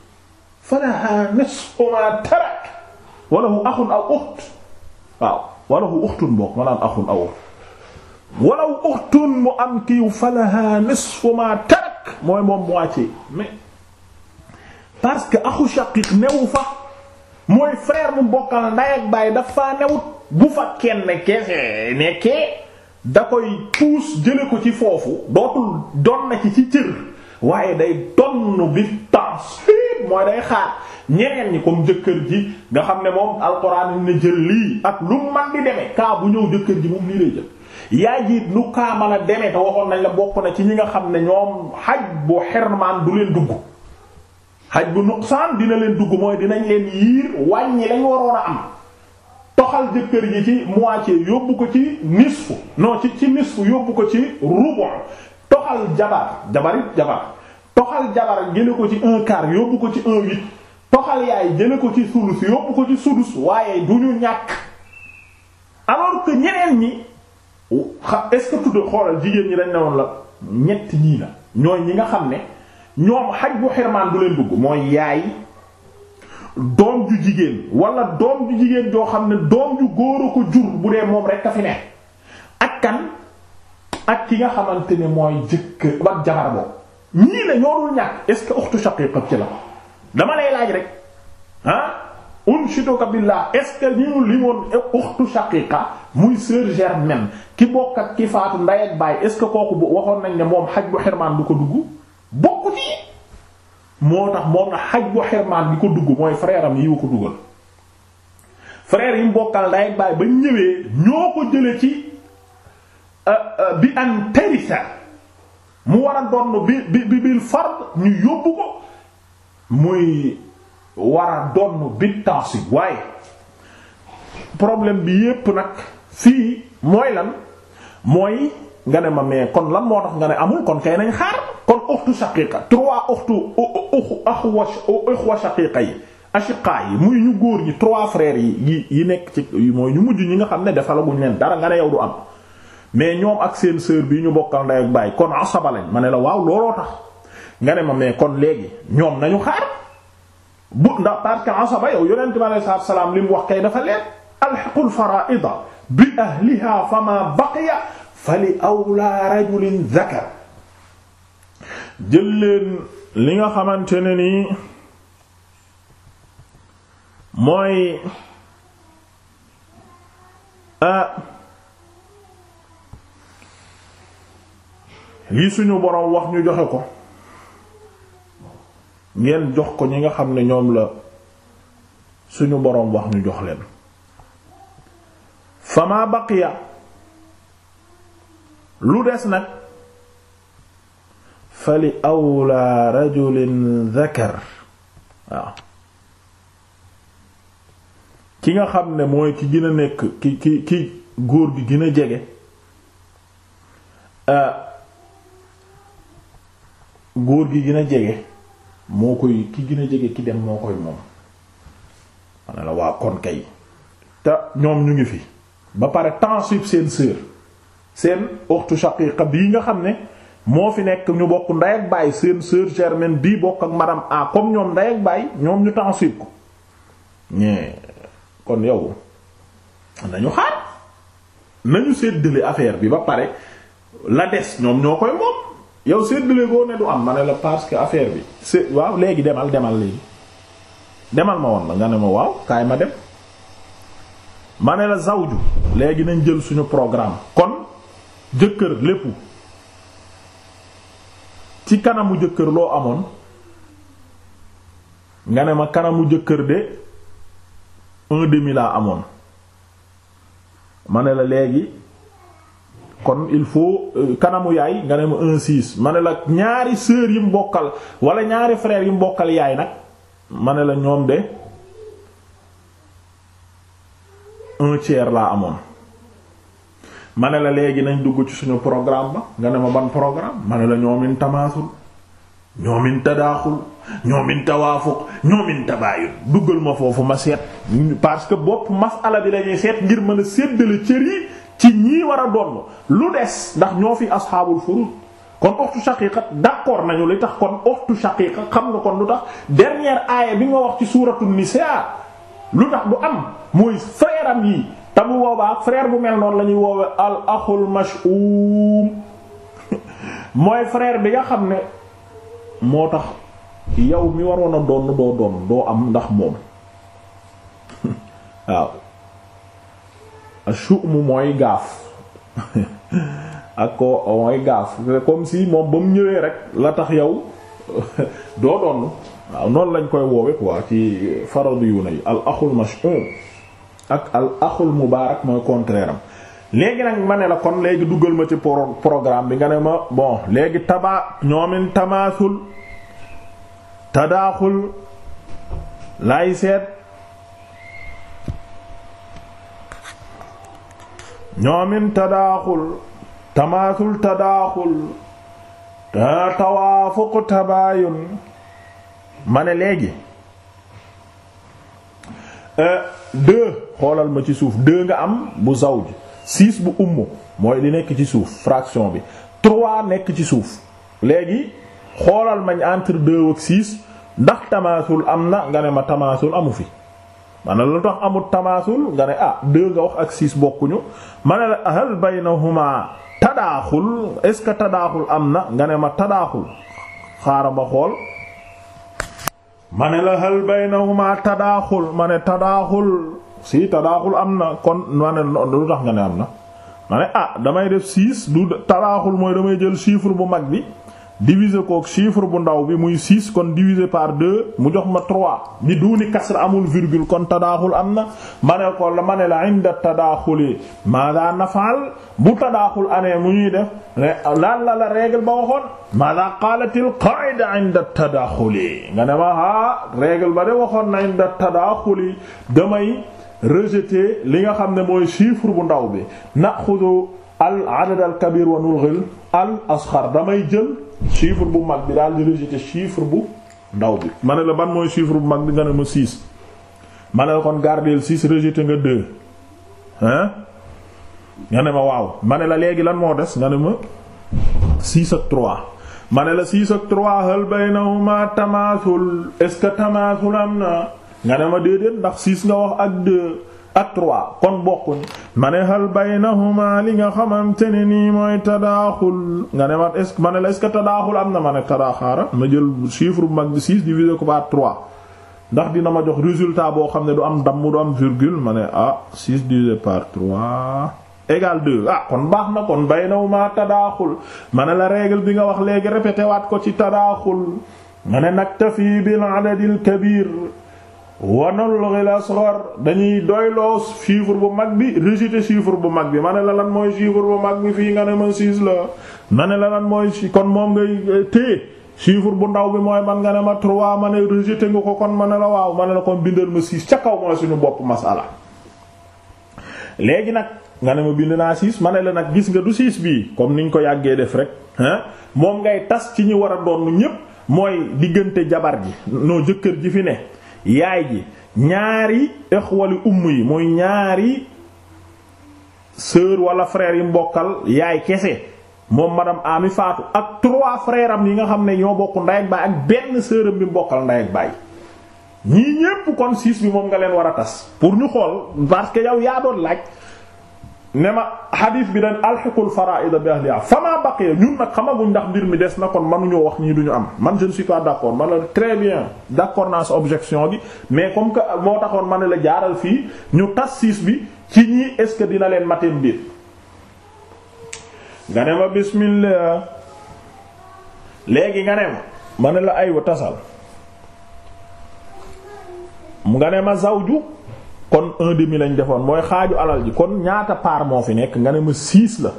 falaha nisfu ma tarak wa lahu akhun aw ukht waaw wa lahu ukhtun bokk ma naan akhun aw walaw ukhtun mu am kiiw falaha nisfu ma tarak mooy moom moitié mais parce que axu shaqiq newu fa mooy frère mu bokkal nday ak baay dafa newut bu fa kenn kese nekkee da koy puus jële ko ci foofu dootul don na ci ci cër waaye day donn bi temps mooy day xaar ñeneen ñi comme jëkkër ji nga xam ne moom alxuraan ni ne jël lii ak lu man di demee kaa bu ñëw jëkkër ji moom lii lay jël yaay ji nu kaa mën a demee te waxoon nañ la bokk na ci ñi nga xam ne ñoom xaj bu xermaan du leen dugg xaj bu nuqsaan dina leen dugg mooy dinañ leen yiir wàññi lañ waroon a am toxal jëkkër ji ci moitié yóbbu ko ci nisfu non ci ci nisfu yóbbu ko ci rubu toxal jabar jabarit jabar toxal jabar jële ko ci un yóbbu ko ci un huit toxal yaay jële ko ci sulus yóbbu ko ci sudus waaye du ñu ñàkk alors que ñeneen ñi xa est xoolal jigéen ñi dañ ne woon la ñett ñii la ñooy ñi nga xam ne ñoom xaj bu xirmaan du leen dugg mooy yaay doom ju jigéen walla doom ju jigéen joo xam ne doom ju góor a ko jur bu dee moom rek a fi ak kan ak ki nga xamante ne mooy jëkkër ak jabar boobu ñii la ñoo ñàkk est ce que uxtu shaqiqa ci la dama lay laaj rek ah unshituka billah est ce que ñu limoon uxtu shaqiqa muy sœur germaine ki bokk ak ki faatu ndey ak baay est ce que kooku waxoon nañ ne moom xaj bu xirmaan du ko dugg bokku ci. moo tax moom na xaj bu xirmaan bi ko dugg mooy frère am yi ko dugal frère yi mu bokkal baay ba ñëwee ñoo ko jële ci euh, euh, bi an tarisa mu war a donn bi bi bil fard ñu yóbbu ko muy war a donn bi tansib waaye problème bi yépp nag fii mooy lan mooy nga ne ma mais kon lan moo tax nga ne amul kon kay nañ xaar kon uxtu shaqiqa trois uxtu axwa shaqiqa yi ashiqa yi muy ñu góor ñi trois frères yi yi nekk ci mooy ñu mujj ñi nga xam ne defalaguñ leen dara nga ne yow du am mais ñoom ak seen sœur bi ñu bokkal ndey ak baay kon asaba lañ ma ne la waaw looloo tax nga ne ma mais kon léegi ñoom nañu xaar bu ndax parce que asaba yow yonent bi alayhi salaatu wa salaam li mu wax kay dafa leen alhiqul fara'ida bi ahliha fama baqiya fali awlaa rajulin zakar jël leen li nga xamante ne nii mooy a li suñu boroom wax ñu joxe ko ngeen jox ko ñi nga xam ne ñoom la suñu boroom wax ñu jox leen fama baqiya lu des nag fali awla rajulin zakar waaw ki nga xam ne mooy ki gin a nekk ki ki ki góor gi gin a jege euh, góor gi gën a jege moo koy ki gin a jege ki dem moo koy moom waa kon kay te ñoom ñu ngi fi ba pare temps sib seen sœur seen uxtu shaqiqa bii nga xam ne moo fi nekk ñu bokk ndey ak baay seen sœur germaine bii bokk ak madame A comme ñoom ndey ak baay ñoom ñu tansib ko ñee kon yow nañu xaar nañu séddale affaire bi ba pare la des ñoom ñoo koy moom yow séddale goo ne du am ma ne la parce que affaire bi c'est waaw léegi demal demal léegi demal ma woon la nga ne ma waaw kaay ma dem ma ne la zawju léegi nañ jël suñu programme kon jëkkër lépp ci kanamu jëkkër loo amoon nga ne ma kanamu jëkkër de un demi laa amoon ma ne la léegi kon il faut euh, kanamu yaay nga ne ma un six ma ne la ñaari sœurs yi mbokkal bokkal ñaari frères yi mu yaay nag ma ne la ñoom de un tiers laa amoon ma la léegi nañ dugg ci suñu programme ba nga ne ma ban programme ma ne la ñoomin tamaasul ñoomin tadaaxul ñoomin tawaafuq ñoomin tabaayun duggal ma foofu ma seet parce que bopp masala bi lañuy seet ngir mën a séddale cër yi ci ñii war a donn lu des ndax ñoo fi asxaabul furud kon uxtu shaqiqa d'accord nañu li tax kon uxtu shaqiqa xam nga kon lu tax dernière aaya bi nga wax ci suuratu nisaa lu tax du am mooy frère am yi te bu boobaa frère bu mel noonu la ñuy woowe al axul mashum mooy frère bi nga xam ne moo tax yow mi waroon a doon doo doon doo am ndax moom waaw ashuum mooy gaaf ak ko mooy gaaf comme si moom ba mu ñëwee rek la tax yow doo doon waaw noonu lañ koy woowe quoi ci faradu yu nay al axul mashum ak al axul mubaarak mooy contraire am léegi nag ma ne la kon léegi duggal ma ci programme bi nga ne ma bon léegi taba ñoomin tamaasul tadaaxul lay seet ñoomin tadaaxul tamaasul tadaaxul tawaafuq tabaayun ma ne léegi Euh, deux xoolal ma ci suuf deux nga am bu zawj six bu umm mooy li nekk ci suuf fraction bi trois nekk ci suuf léegi xoolal mañ entre deux ak six ndax tamaasul am na nga ne ma tamaasul amu fi ma lu tax amul tamaasul nga ne ah deux nga wax ak six bokkuñu ma ne la hal baynahuma tadaaxul est-ce que tadaaxul am na nga ne ma tadaaxul xaaral ma xool ma ne la hal baynahuma tadaaxul ma ne tadaaxul si tadaaxul am na kon ma ne lu tax nga ne am na ma ne ah damay def six du tadaaxul mooy damay jël chiffre bu mag bi diviser kook chiffre bu ndaw bi muy 6 kon diviser par 2 mu jox ma 3 bi duuni kasra amul virgule kon tadaaxul am na ma ne ko la ma ne la inda tadaaxuli maada nafaal bu tadaaxul anee mu ñuy def lan la la règle ba waxoon maada qaalatil qaida inda tadaaxuli nga ne ma haa règle ba de waxoon na inda tadaaxuli damay rejeter li nga xam ne mooy chiffre bu ndaw bi naxudu al adad al wa nulghil al asxar damay jël chiffre bu mag bi daal di rejeté chiffre bu ndaw bi ma ne la ban mooy chiffre bu mag bi nga ne ma 6 ma ne la kon gardeel 6 rejeté nga 2 hein nga ne ma waaw ma ne la léegi lan moo des nga ne ma 6 ak 3 ma ne la 6 ak trois hal baynahuma tamaasul est-ce que tamaasul am na nga ne ma déedéet ndax 6 nga wax ak 2 ak trois kon bokkuñ ma ne hal baynahuma li nga xamante ne nii mooy tadaaxul nga ne ma ma ne la est ce tadaaxul am na ma ne tadaaxaara ma jël chiffre bu mag bi six divisé ko par trois ndax dina ma jox résultat boo xam ne du am damm du am virgule ma ne ah six divisé par trois égal deux ah kon baax na kon baynahuma tadaaxul ma ne la règle bi nga wax léegi répété waat ko ci tadaaxul ma ne nag tafi bil adadil kabir wanul al asghar dañuy doyloo chiffre bu mag bi réciter chiffre bu mag bi ma ne la lan mooy chiffre bu mag bi fii nga ne ma six la ma ne la lan mooy kon moom ngay eh, téye chiffre bu ndaw bi mooy man nga ne ma trois ma ne rejeté nga ko kon ma ne la waaw ma ne la kon bindal ma six ca kaw mooy suñu bopp nag nga ne ma bind naa six ma ne la nag gis nga du six bii comme niñ ko yàggee def rek ah moom ngay tas ci ñu war a doon ñépp mooy diggante jabar ji noo jëkkër ji fi ne. yaay ji ñaari exwali umm yi mooy ñaari sœur wala frère yi mbokkal yaay kese moom madame ami faatu ak trois frères yi nga xam ne ñoo bokk nday ak baay ak benn sœuram bi mbokkal nday ak baay ñii ñépp kon siis bi moom nga leen war a tas pour ñu xool parce que yaa doon laaj ne ma xadiis bi dañ alxiqul faraa'id bi ahliha fama baqiya ñun nag xamaguñ ndax mbir mi des na kon mënuñoo wax ñii duñu am man je ne suis pas d'accord man a très bien d'accord naa sa objection bi mais comme que moo taxoon ma ne la jaaral fii ñu tas tassiis bi ci ñii est-ce que dina leen mateen mbir nga ne ma bismillah léegi nga ne ma ma ne la aywa tasal nga ne ma zawju kon un demi lañ defoon mooy xaaju alal ji kon ñaata part moo fi nekk nga ne ma 6 la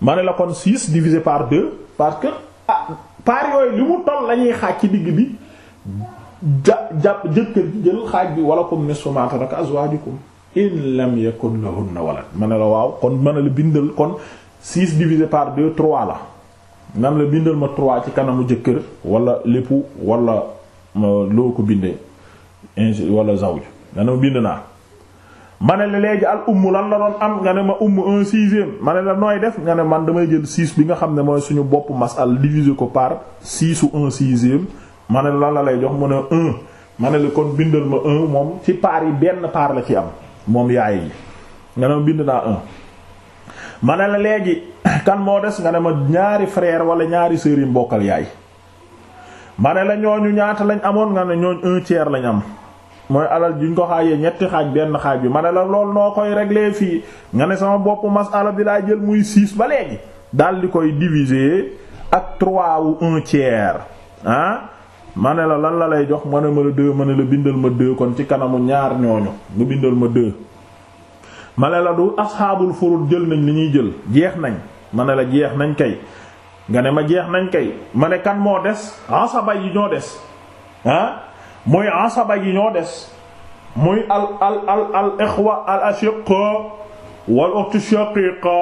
ma ne la kon 6 divisé par 2 parce que ah part yooyu li mu toll lañuy ñuy xaaj ci digg bi ja jàpp jëkkër jël xaaj bi wala kum nisfu ma taraka azwajukum in lam yakun lahunna walad ma ne la waaw kon ma ne la bindal kon 6 divisé par 2 3 la nan la bindal ma 3 ci kanamu jëkkër wala lépp wala loo ko bindee incha wala zawj nanu bind naa. ma ne la léegi al umm lan la doon am nga ne ma umm un sixième ma la nooy def nga ne man damay jël six bi nga xam ne mooy suñu bopp masal diviser ko par six un sixième ma ne lan la lay jox mu ne un ma ne la kon bindal ma un moom ci paar yi benn paar la ci am moom yaay yi nga ne ma bind naa un ma la léegi kan moo des nga ne ma ñaari frère wala ñaari sœur yi mbokkal yaay ma ne la ñooñu ñaata lañ amoon nga ne ñooñ un tiers lañ am mooy alal ji ñu ko xaajee ñetti xaaj benn xaaj bi ma ne la lool noo koy régler fii nga ne sama bopp masala bi laa jël muy six ba léegi daal di koy diviser ak trois ou un ah ma ne la lan la lay jox ma ne ma la deux ma ne la bindal ma deux kon ci kanamu ñaar ñooñu nga bindal ma deux ma ne la du asxaabul furud jël nañ li ñuy jël jeex nañ ma ne la jeex nañ kay nga ne ma jeex nañ kay ma ne kan moo des asaba yi ñoo des ah muy asaba yi ñoo des muy al al al al ixwa al ashiqa wal ukhtu shaqiqa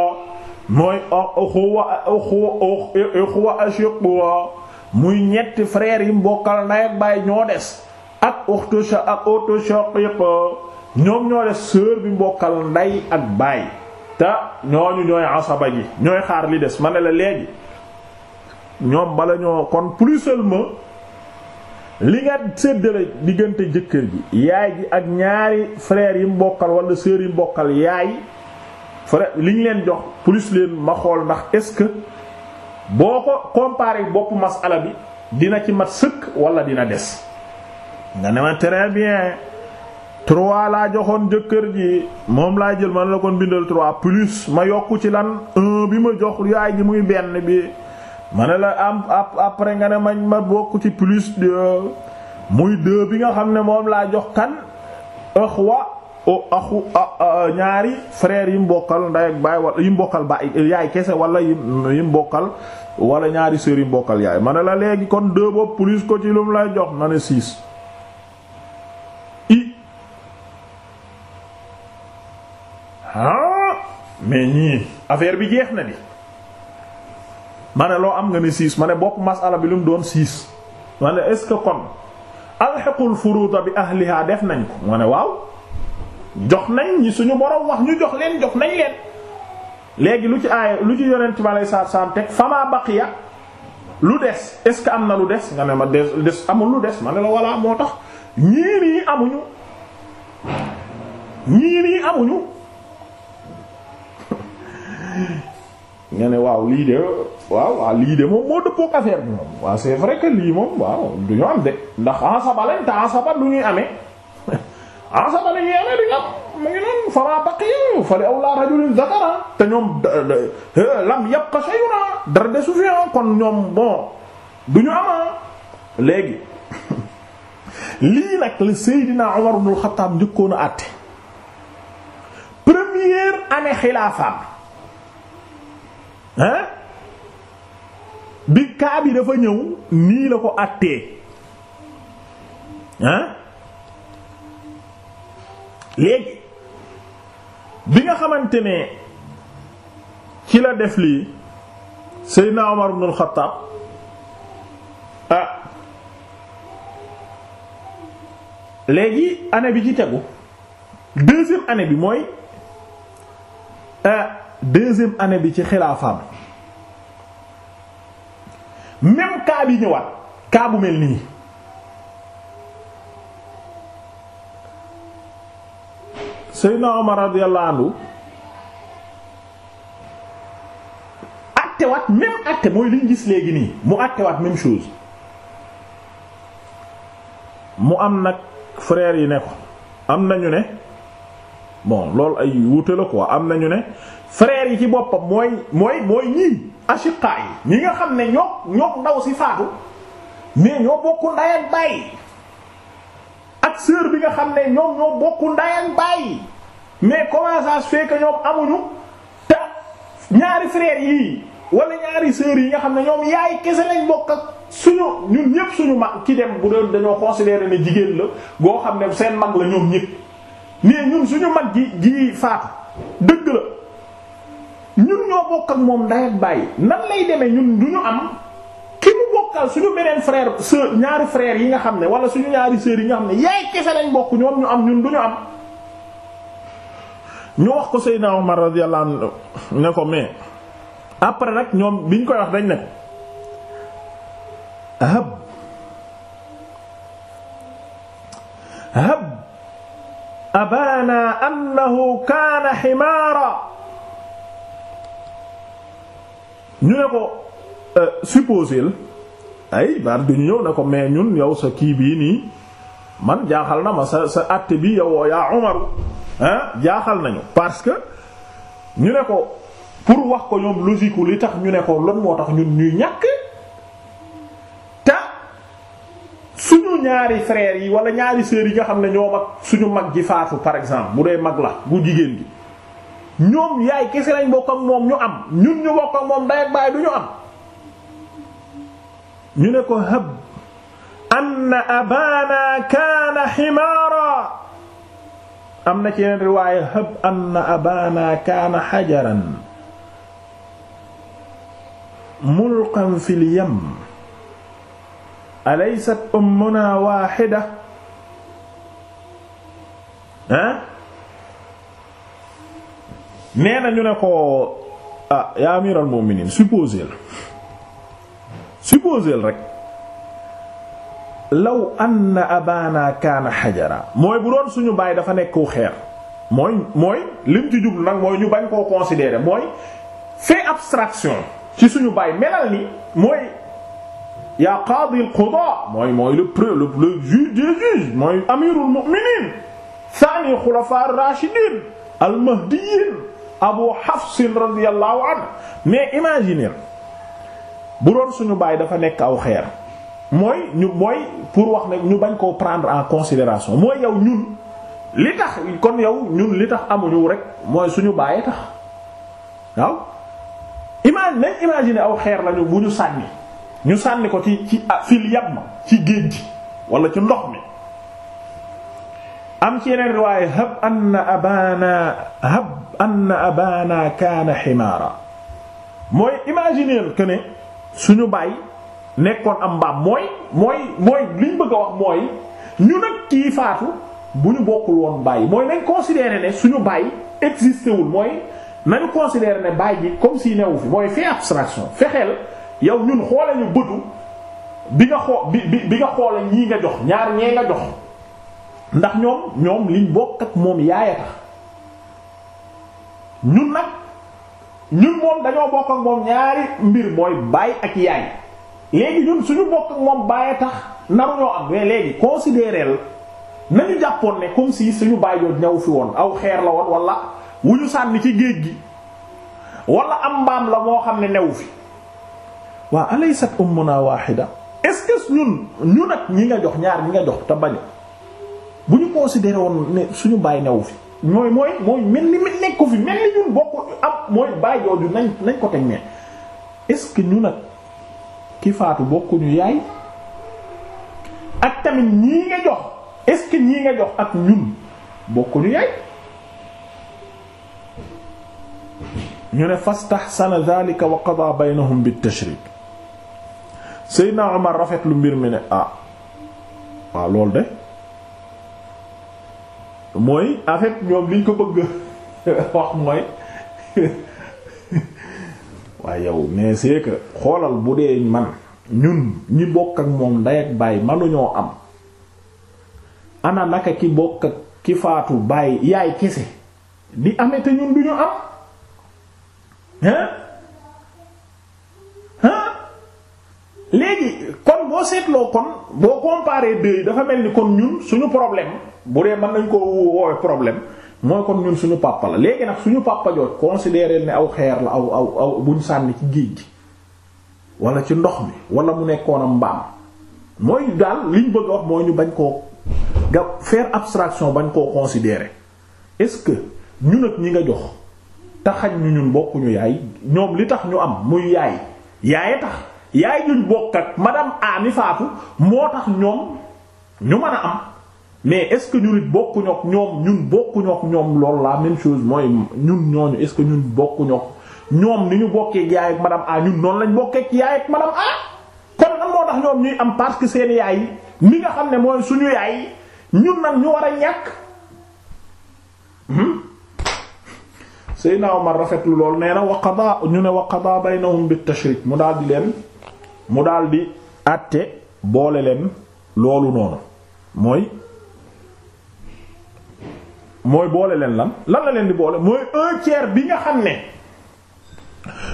mooy uxuwa uxuwa ashiqa muy ñetti frère yi mbokkal ndey ak baay ñoo des ak ukhtu sha ak ukhtu shaqiqa ñoom ñoo des sœur bi mbokkal ndey ak baay te ñooñu ñooy asaba ji ñooy xaar li des ma ne la léegi ñoom bala ñoo kon plus seulement li nga séddale diggante jëkkër ji yaay ji ak ñaari frère yi mu bokkal wala sœur yi mu yaay frère li ñu leen jox plus leen ma xool ndax est-ce que boo ko comparé bopp masala bi dina ci mat sëkk wala dina des nga ne ma bien trois laa joxoon jëkkër ji moom laa jël man la kon bindal trois plus ma yokku ci lan bi ma jox yaay ji muy benn bi ma la am après nga ne mañ ma bokk ci plus de muy deux bi nga xam ne moom laa jox kan axwa ñaari frère yi mu bokkal nday ak baay wala yi mu bokkal yaay kese wala yi mu bokkal wala ñaari sœur yi mbokkal bokkal yaay ma ne la léegi kon deux boobu plus ko ci lu mu lay jox na ne six i ah mais ñii affaire bi jeex na ni ma ne loo am nga ne six ma ne mas masala bi lu mu doon siis ma ne est-ce que kon alxequl furuuta bi ahliha def nañ ko waaw jox nañ ñi suñu borom wax ñu jox leen jox nañ leen léegi lu ci aaya lu ci yonent bi alei saatu salaam teg baqiya lu des est-ce que am na lu des nga ne ma des des amul lu des ma ne la walla moo tax ñii nii amuñu ñii nii amuñu nga waaw lii de waaw waaw lii de moom moo dëppook affaire bi moom waaw c'est vrai lii moom waaw du ñu am de ndax asaba lañ te asaba du ñuy amee asaba la amee du ñu am mu ngi noonu fama baqiya fa li awla rajulin zakara te ñoom lam yabqa shay'un dara de su fi ah, kon ñoom bon du ñu ama ah. léegi lii nag la Seydina Umar ibn al-Khattab njëkkoon a première année xilaafaam bi kaa bi dafa ñëw nii la ko àttee hein léegi bi nga xamante ne ci la def lii Seydina Omar ibn al-Khattab ah léegi année bi ci tegu deuxième année bi mooy ah, deuxième année bi ci xilaafaam même cas bi ñëwaat cas bu mel nii Seydina Omar radiyallahu anhu attewaat même atte mooy liñ gis léegi nii mu attewaat même chose mu am nag frère yi ne ko am nañu ne bon loolu ay wuute la ko am nañu ne frère yi ci boppam mooy mooy mooy ñii ashiqa yi ñi nga xam ne ñoo ñoo ndaw si faatu mais ñoo bokku nday ak baay bi nga xam ne ñoom ñoo bokku nday mais comment ça se ñoom amuñu te ñaari frère yi wala ñaari sœurs yi nga xam ne ñoom yaay kese lañ bokk ak suñu ñun ñépp suñu mag ci dem bu doon dañoo considérer ne jigéen la goo xam ne seen mag la ñoom ñépp mais ñun suñu mag ji ji faatu dëgg la. ñun ñoo bokk ak moom ndey ak bàyyi nan lay demee ñun du ñu am ki mu bokkal suñu beneen frère sœur ñaari frère yi nga xam ne wala suñu ñaari sœurs yi nga xam ne yaay kese lañ bokk ñoom ñu am ñun du ñu am. ñu wax ko Seydina Omar radiyallahu anhu ne nag ñoom biñ koy wax dañ ne hab hab ximaara ñu ne ko euh, supposé ay bar duñu ñëw ne ko mais ñun yow sa kii bii nii man jaaxal na ma sa sa àtte bi yow yaa Umar ah jaaxal nañu parce que ñu ne ko pour wax ko ñoom logique li tax ñu ne ko lan moo tax ñun ñuy ñàkk te ñu ñaari frères yi wala ñaari sœurs yi nga xam ne ñoo mag suñu mag ji faatu par exemple bu dee mag la bu jigéen gi ñoom yaay kese lañ bokk ak moom ñu am ñun ñu bokk ak moom ndey ak baay du ñu am ñu ne ko hëb ann abana kaana ximaara am na ci yeneen riwaaya hëb ann abana kaana xajaran mulqan fil yam alaysat ummuna waaxida ha nee na ñu ne ko ah yaa amiral mu'minin supposé la rek law anna abana kaana xajara mooy bu doon suñu baay dafa nekku xeer mooy mooy lim ci jublu nag mooy ñu bañ koo considérer mooy fait abstraction ci suñu baay melal ni mooy yaa qaadi al mooy mooy le pré le le juge des juges mooy amirul mu'minin thani xulafaa ar-rashidin Abu Hafs radiyallahu anhu mais imaginez bu doon suñu baay dafa nekk aw xeer mooy ñu mooy pour wax ne ñu bañ koo prendre en considération mooy yow ñun li tax kon yow ñun li tax amuñu rek mooy suñu baay tax waaw image nañ imaginer aw xeer lañu bu ñu sànni ñu sànni ko ci ci ah, fil yab ma ci géej gi wala ci ndox mi am ci yeneen riwaaye hab anna abana hab anna abana kaana ximaara mooy imaginer que ne suñu bàyyi nekkoon am mbaam mooy mooy mooy liñ bëgg a wax mooy ñu nag kii faatu bu ñu bokkul woon bàyyi mooy nañ considérer ne suñu bàyyi existé wul mooy nañu considérer ne bàyyi bi comme si newu fi mooy fait abstraction fexeel yow ñun xoole ñu bëtu bi nga xoo bi ñii nga jox ñaar ñee nga jox ndax ñoom ñoom liñ bokk ak moom yaaya tax ñun nag ñun moom dañoo bokk moom ñaari mbir mooy baay ak yaay léegi ñun suñu bokk ak moom baay tax naruñoo am mais léegi considéreel nañu jàppoon ne comme si suñu baay yoo ñëw fi woon aw xeer la woon wala wu ñu sànni ci géej gi wala am mbaam la moo xam ne newu fi waa alaysat ummuna wahida est-ce que ñun ñu nag ñi nga jox ñaar ñi nga jox te bañu bu ñu considéré woon ne suñu baay newu fi mooy mooy mooy mel ni nekku fi mel ni ñun bokk am mooy bàyyi jooju nañ nañ ko teg ne est-ce ñu nag ki faatu bokkuñu yaay ak tamit ñii nga jox est-ce que ñii nga jox ak ñun bokkuñu yaay ñu ne fastahsana dhalika wa qada baynahum bitashrik Seydina Omar rafetlu mbir mi ne ah waaw loolu de mooy en ñoom liñ ko bëgg wax mooy waaye yow mais c'est que xoolal bu dee man ñun ñi bokk ak moom ndey ak baay manuñoo am ana naka ki bokk ak ki faatu baay yaay kese di amee te ñun duñu am hein hein léegi kon boo seetloo kon boo comparé deux dafa mel ni kon ñun suñu problème bu dee man nañ koo woowe problème mooy kon ñun suñu papa léegi nag suñu papa jooj considéré ne aw xeer la aw aw buñ sànni ci géej gi wala ci ndox mi wala mu nekkoon am mbaam mooy daal liñ bëgg a ñu bañ koo nga faire abstraction bañ koo considérer est-ce que ñun ñi nga jox taxañ ñu ñun bokkuñu yaay ñoom li tax ñu am muy yaay yaaye tax yaay juñ bokk ak madame A mi moo tax ñoom ñu mën a am. mais est-ce que ñun it bokkuñu ak ñoom ñun bokkuñu ak ñoom loolu la même chose mooy ñun ñooñu est-ce que ñun bokkuñu ñoom ni ñu bokkee yaay ak madame A ñun noonu lañ bokkee yaay ak madame A kon lan moo tax ñoom ñuy am parce que seen yaay mi nga xam ne mooy suñu yaay ñun nag ñu war a ñàkk. Hmm? Seydina rafet lu lool nee na wa ñu ne wa qadaa baynahum bit tashrik mu daal di leen mu daal di àtte boole leen loolu noonu mooy. mooy boole leen lan lan la leen di boole mooy un bi nga xam ne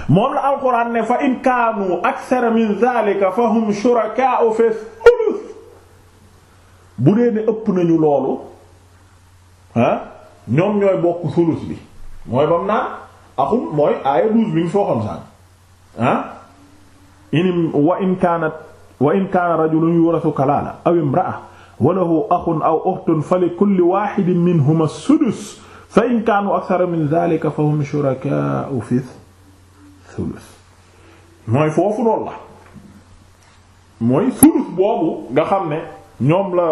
moom la alquran ne fa in kaanu min zalika fa hum shurakaa'u fi thuluth bu dee ne ëpp nañu loolu ah, ñoom ñooy bokk thuluth bi mooy bam naan axum mooy aaya douze bi ñu foo xam saan inim wa in kaanat wa in kaana rajulun yurathu kalaala aw imra'a wa lahu axun aw uxtun fa li kulli waaxidin minhuma sudus fa in kaanu akthara min dhalika fa hum shurakaa'u fi thuluth mooy foofu lool la mooy thuluth boobu nga xam ne ñoom la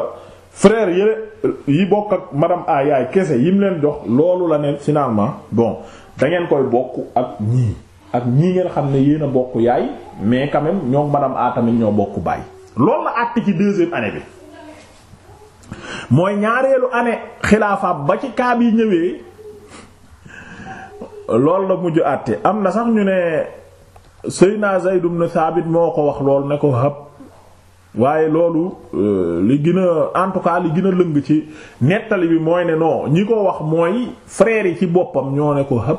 frère yële yi bokk ak madame a yaay kese yim leen jox loolu la ne finalement bon da ngeen koy bokk ak ñii ak ñii ngeen xam ne yéen bokk yaay mais quand ñoom madame a tamit ñoo bokk baay loolu la àtte ci deuxième année bi mooy ñaareelu année xilaafa ba ci kaab yi ñëwee lool la mujj àtte am na sax ñu ne Seydina Zayd ibn Thabit moo ko wax lool ne ko hëb waaye loolu euh, li gën a en tout li gën a lëng ci nettali bi mooy ne non ñi ko wax mooy frère yi ci boppam ñoo ne ko hëb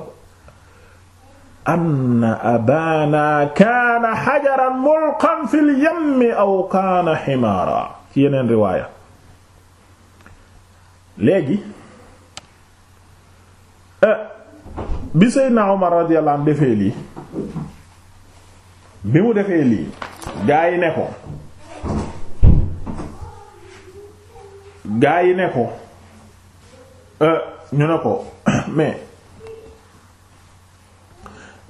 anna abana kaana xajaran mulqan fil yammi aw kaana ximaara ci yeneen riwaaya léegi eh, bi Seydina Omar radiyallahu anhu defee lii bi mu defee lii gaa yi ne ko gaa yi ne ko eh, ñu ne ko mais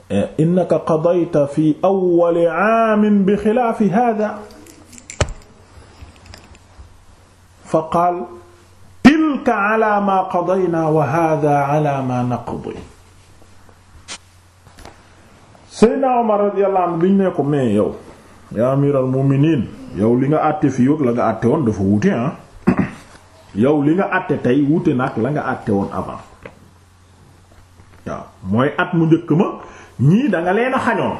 eh, innaka qadayta fi awwali aamin bi xilaafi haaza fa qaal tilka ala ma yow yaa yow li nga àtte fii la nga àtte woon dafa wuute ah yow li nga àtte tey wuti nag la nga àtte woon avant mooy at mu njëkk ma ñii da nga xañoon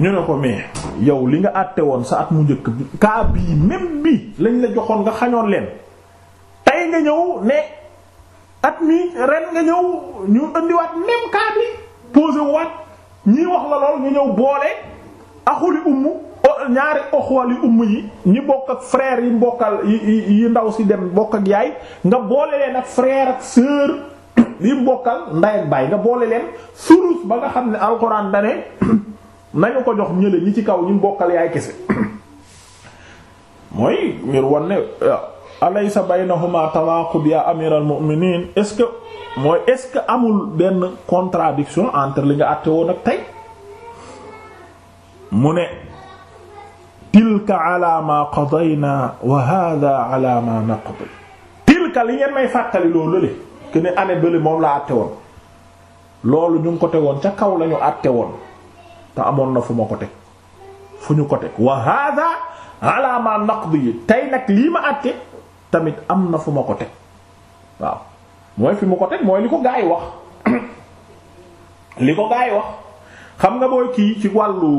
ñu ne ko mais yow li nga àtte woon sa at mu njëkk kaa bii même bi lañ la joxoon nga xañoon leen tey nga ñëw ne at mi ren nga ñëw ñu indiwaat même kaa bi posé waat ñii wax la lool ñu ñëw boole axuli ummu ñaari oxwali umm yi ñi bokk ak frère yi mbokkal yi ndaw si dem bokk ak yaay nga boole leen ak frère ak sœur yi mbokkal nday ak baay nga boole leen surus ba nga xam ne alxuraan dane nañu ko jox ñële ñi ci kaw ñu bokkal yaay kese mooy ngir won ne alaysa baynahuma tawaaqud ya amiral mu'minin est mooy est-ce que amul benn contradiction entre li nga àtte woon ak tey mu ne tilka ala ma qadayna wa hada ala ma tilka li ngeen may fàttali loolu lële que ne année bële moom la àtte woon loolu ñu ngi ko tegoon ca kaw lañu àtte woon te amoon na fu ma ko teg fu ñu ko teg wa hada ala ma naqdi tey nag lii ma àtte tamit am na fu ma ko teg waaw mooy fi mu ko teg mooy li ko gaa yi wax li ko gaa yi wax xam nga booy kii ci wàllu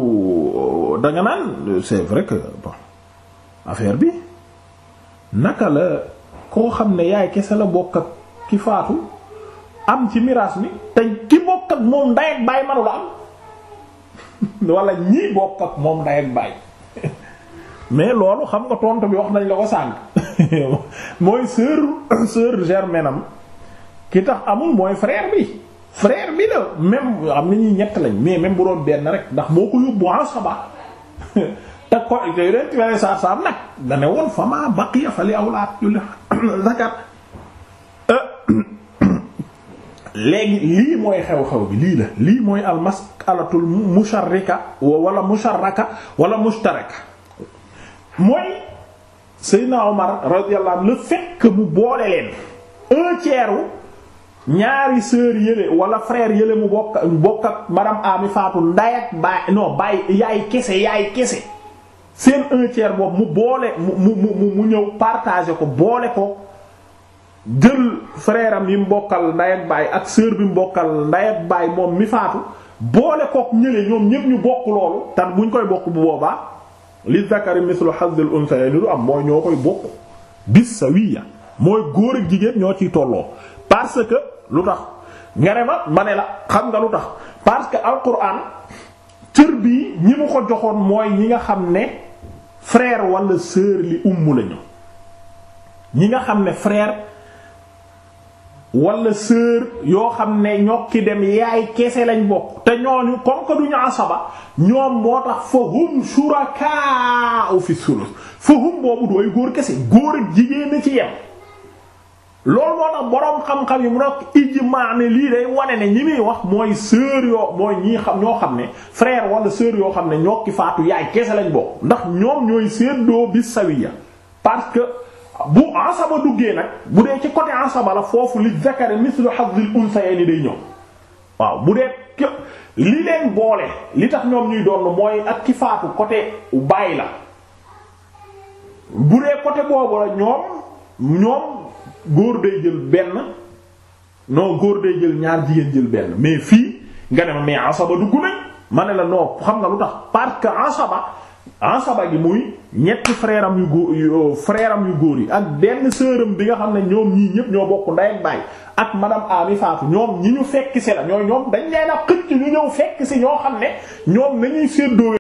euh, danga naan c'est vrai que affaire bi naka la koo xam ne yaay kese la bokk ak ki faatu am ci miraas mi te ki bokk ak moom ndey baay manu am wala ñii bokk ak moom day ak bàyyi mais loolu xam nga tontu bi wax nañ la ko sànk mooy sœur sœur germaine am ki tax amul mooy frère bi frère bi la même am na ñuy ñett lañ mais même bu doon benn rek ndax moo ko yóbbu asaba te ko yonent bi saa saa nag da ne woon fama baqiya fali awlaat yu la zakat euh, léegi lii mooy xew-xew bi lii la lii mooy al alatul musharrika wala musharraka wala mushtaraka mooy Seydina Omar radiyallahu anhu le fait fekk mu boole leen un tiers ñaari sœur yële wala frère yële mu bokk bokk ak madame Ami faatu nday ak baay non baay yaay kese yaay kese seen un boobu mu boole mu mu mu ñëw partager ko boole ko. jël frère yi mbokkal nday ak baay ak sœur bi mbokkal nday ak baay moom mi faatu boole kook ñële ñoom ñépp ñu bokk loolu tan buñ koy bokk bu boobaa li zakari mislu hazzil unsayayni du am mooy ñoo koy bokk bis sawiya mooy góor ak jigéen ñoo ciy tolloo parce que lu tax nga ne ma ma la xam nga lu tax parce que alquran cër bii ñi mu ko joxoon mooy ñi nga xam ne frère wala sœur li umm lañu ñi nga xam ne frère wala sœur yoo xam ne ñokki dem yaay kese lañ bokk te ñooñu comme que duñu asaba ñoom moo tax fa hum shurakaa'u fi sulus fa hum boobu dooy góor kese góor ak jigéen na ci yem loolu moo tax boroom xam-xam yi mu nekk ijmaa ne lii day wane ne ñi muy wax mooy sœur yoo mooy ñii xam ñoo xam ne frère wala sœur yoo xam ne ñokki faatu yaay kese lañ bokk ndax ñoom ñooy séddoo bi sawiya parce que bu asaba duggee nag bu dee ci côté asaba la foofu li zakari mislu hazzil unsayni day ñëw waaw bu dee li leen boole li tax ñoom ñuy doon mooy ak ki faatu côté bàyyi la bu dee côté boobu la ñoom ñoom góor day jël benn noo góor day jël ñaar jigéen jël benn mais fii nga ne mais asaba dugg nañ ma ne la non xam nga lu tax parce que asaba asaba gi muy ñetti frère yu góor yu euh, am yu góor yi ak benn sœuram bi nga xam ne ñoom ñii ñëpp ñoo bokk ndey ak baay ak madame Ami Faatu ñoom ñi ñu fekk si la ñooy ñoom dañ leen a xëcc ñu ñëw fekk si ñoo xam ne ñoom nañuy séddoo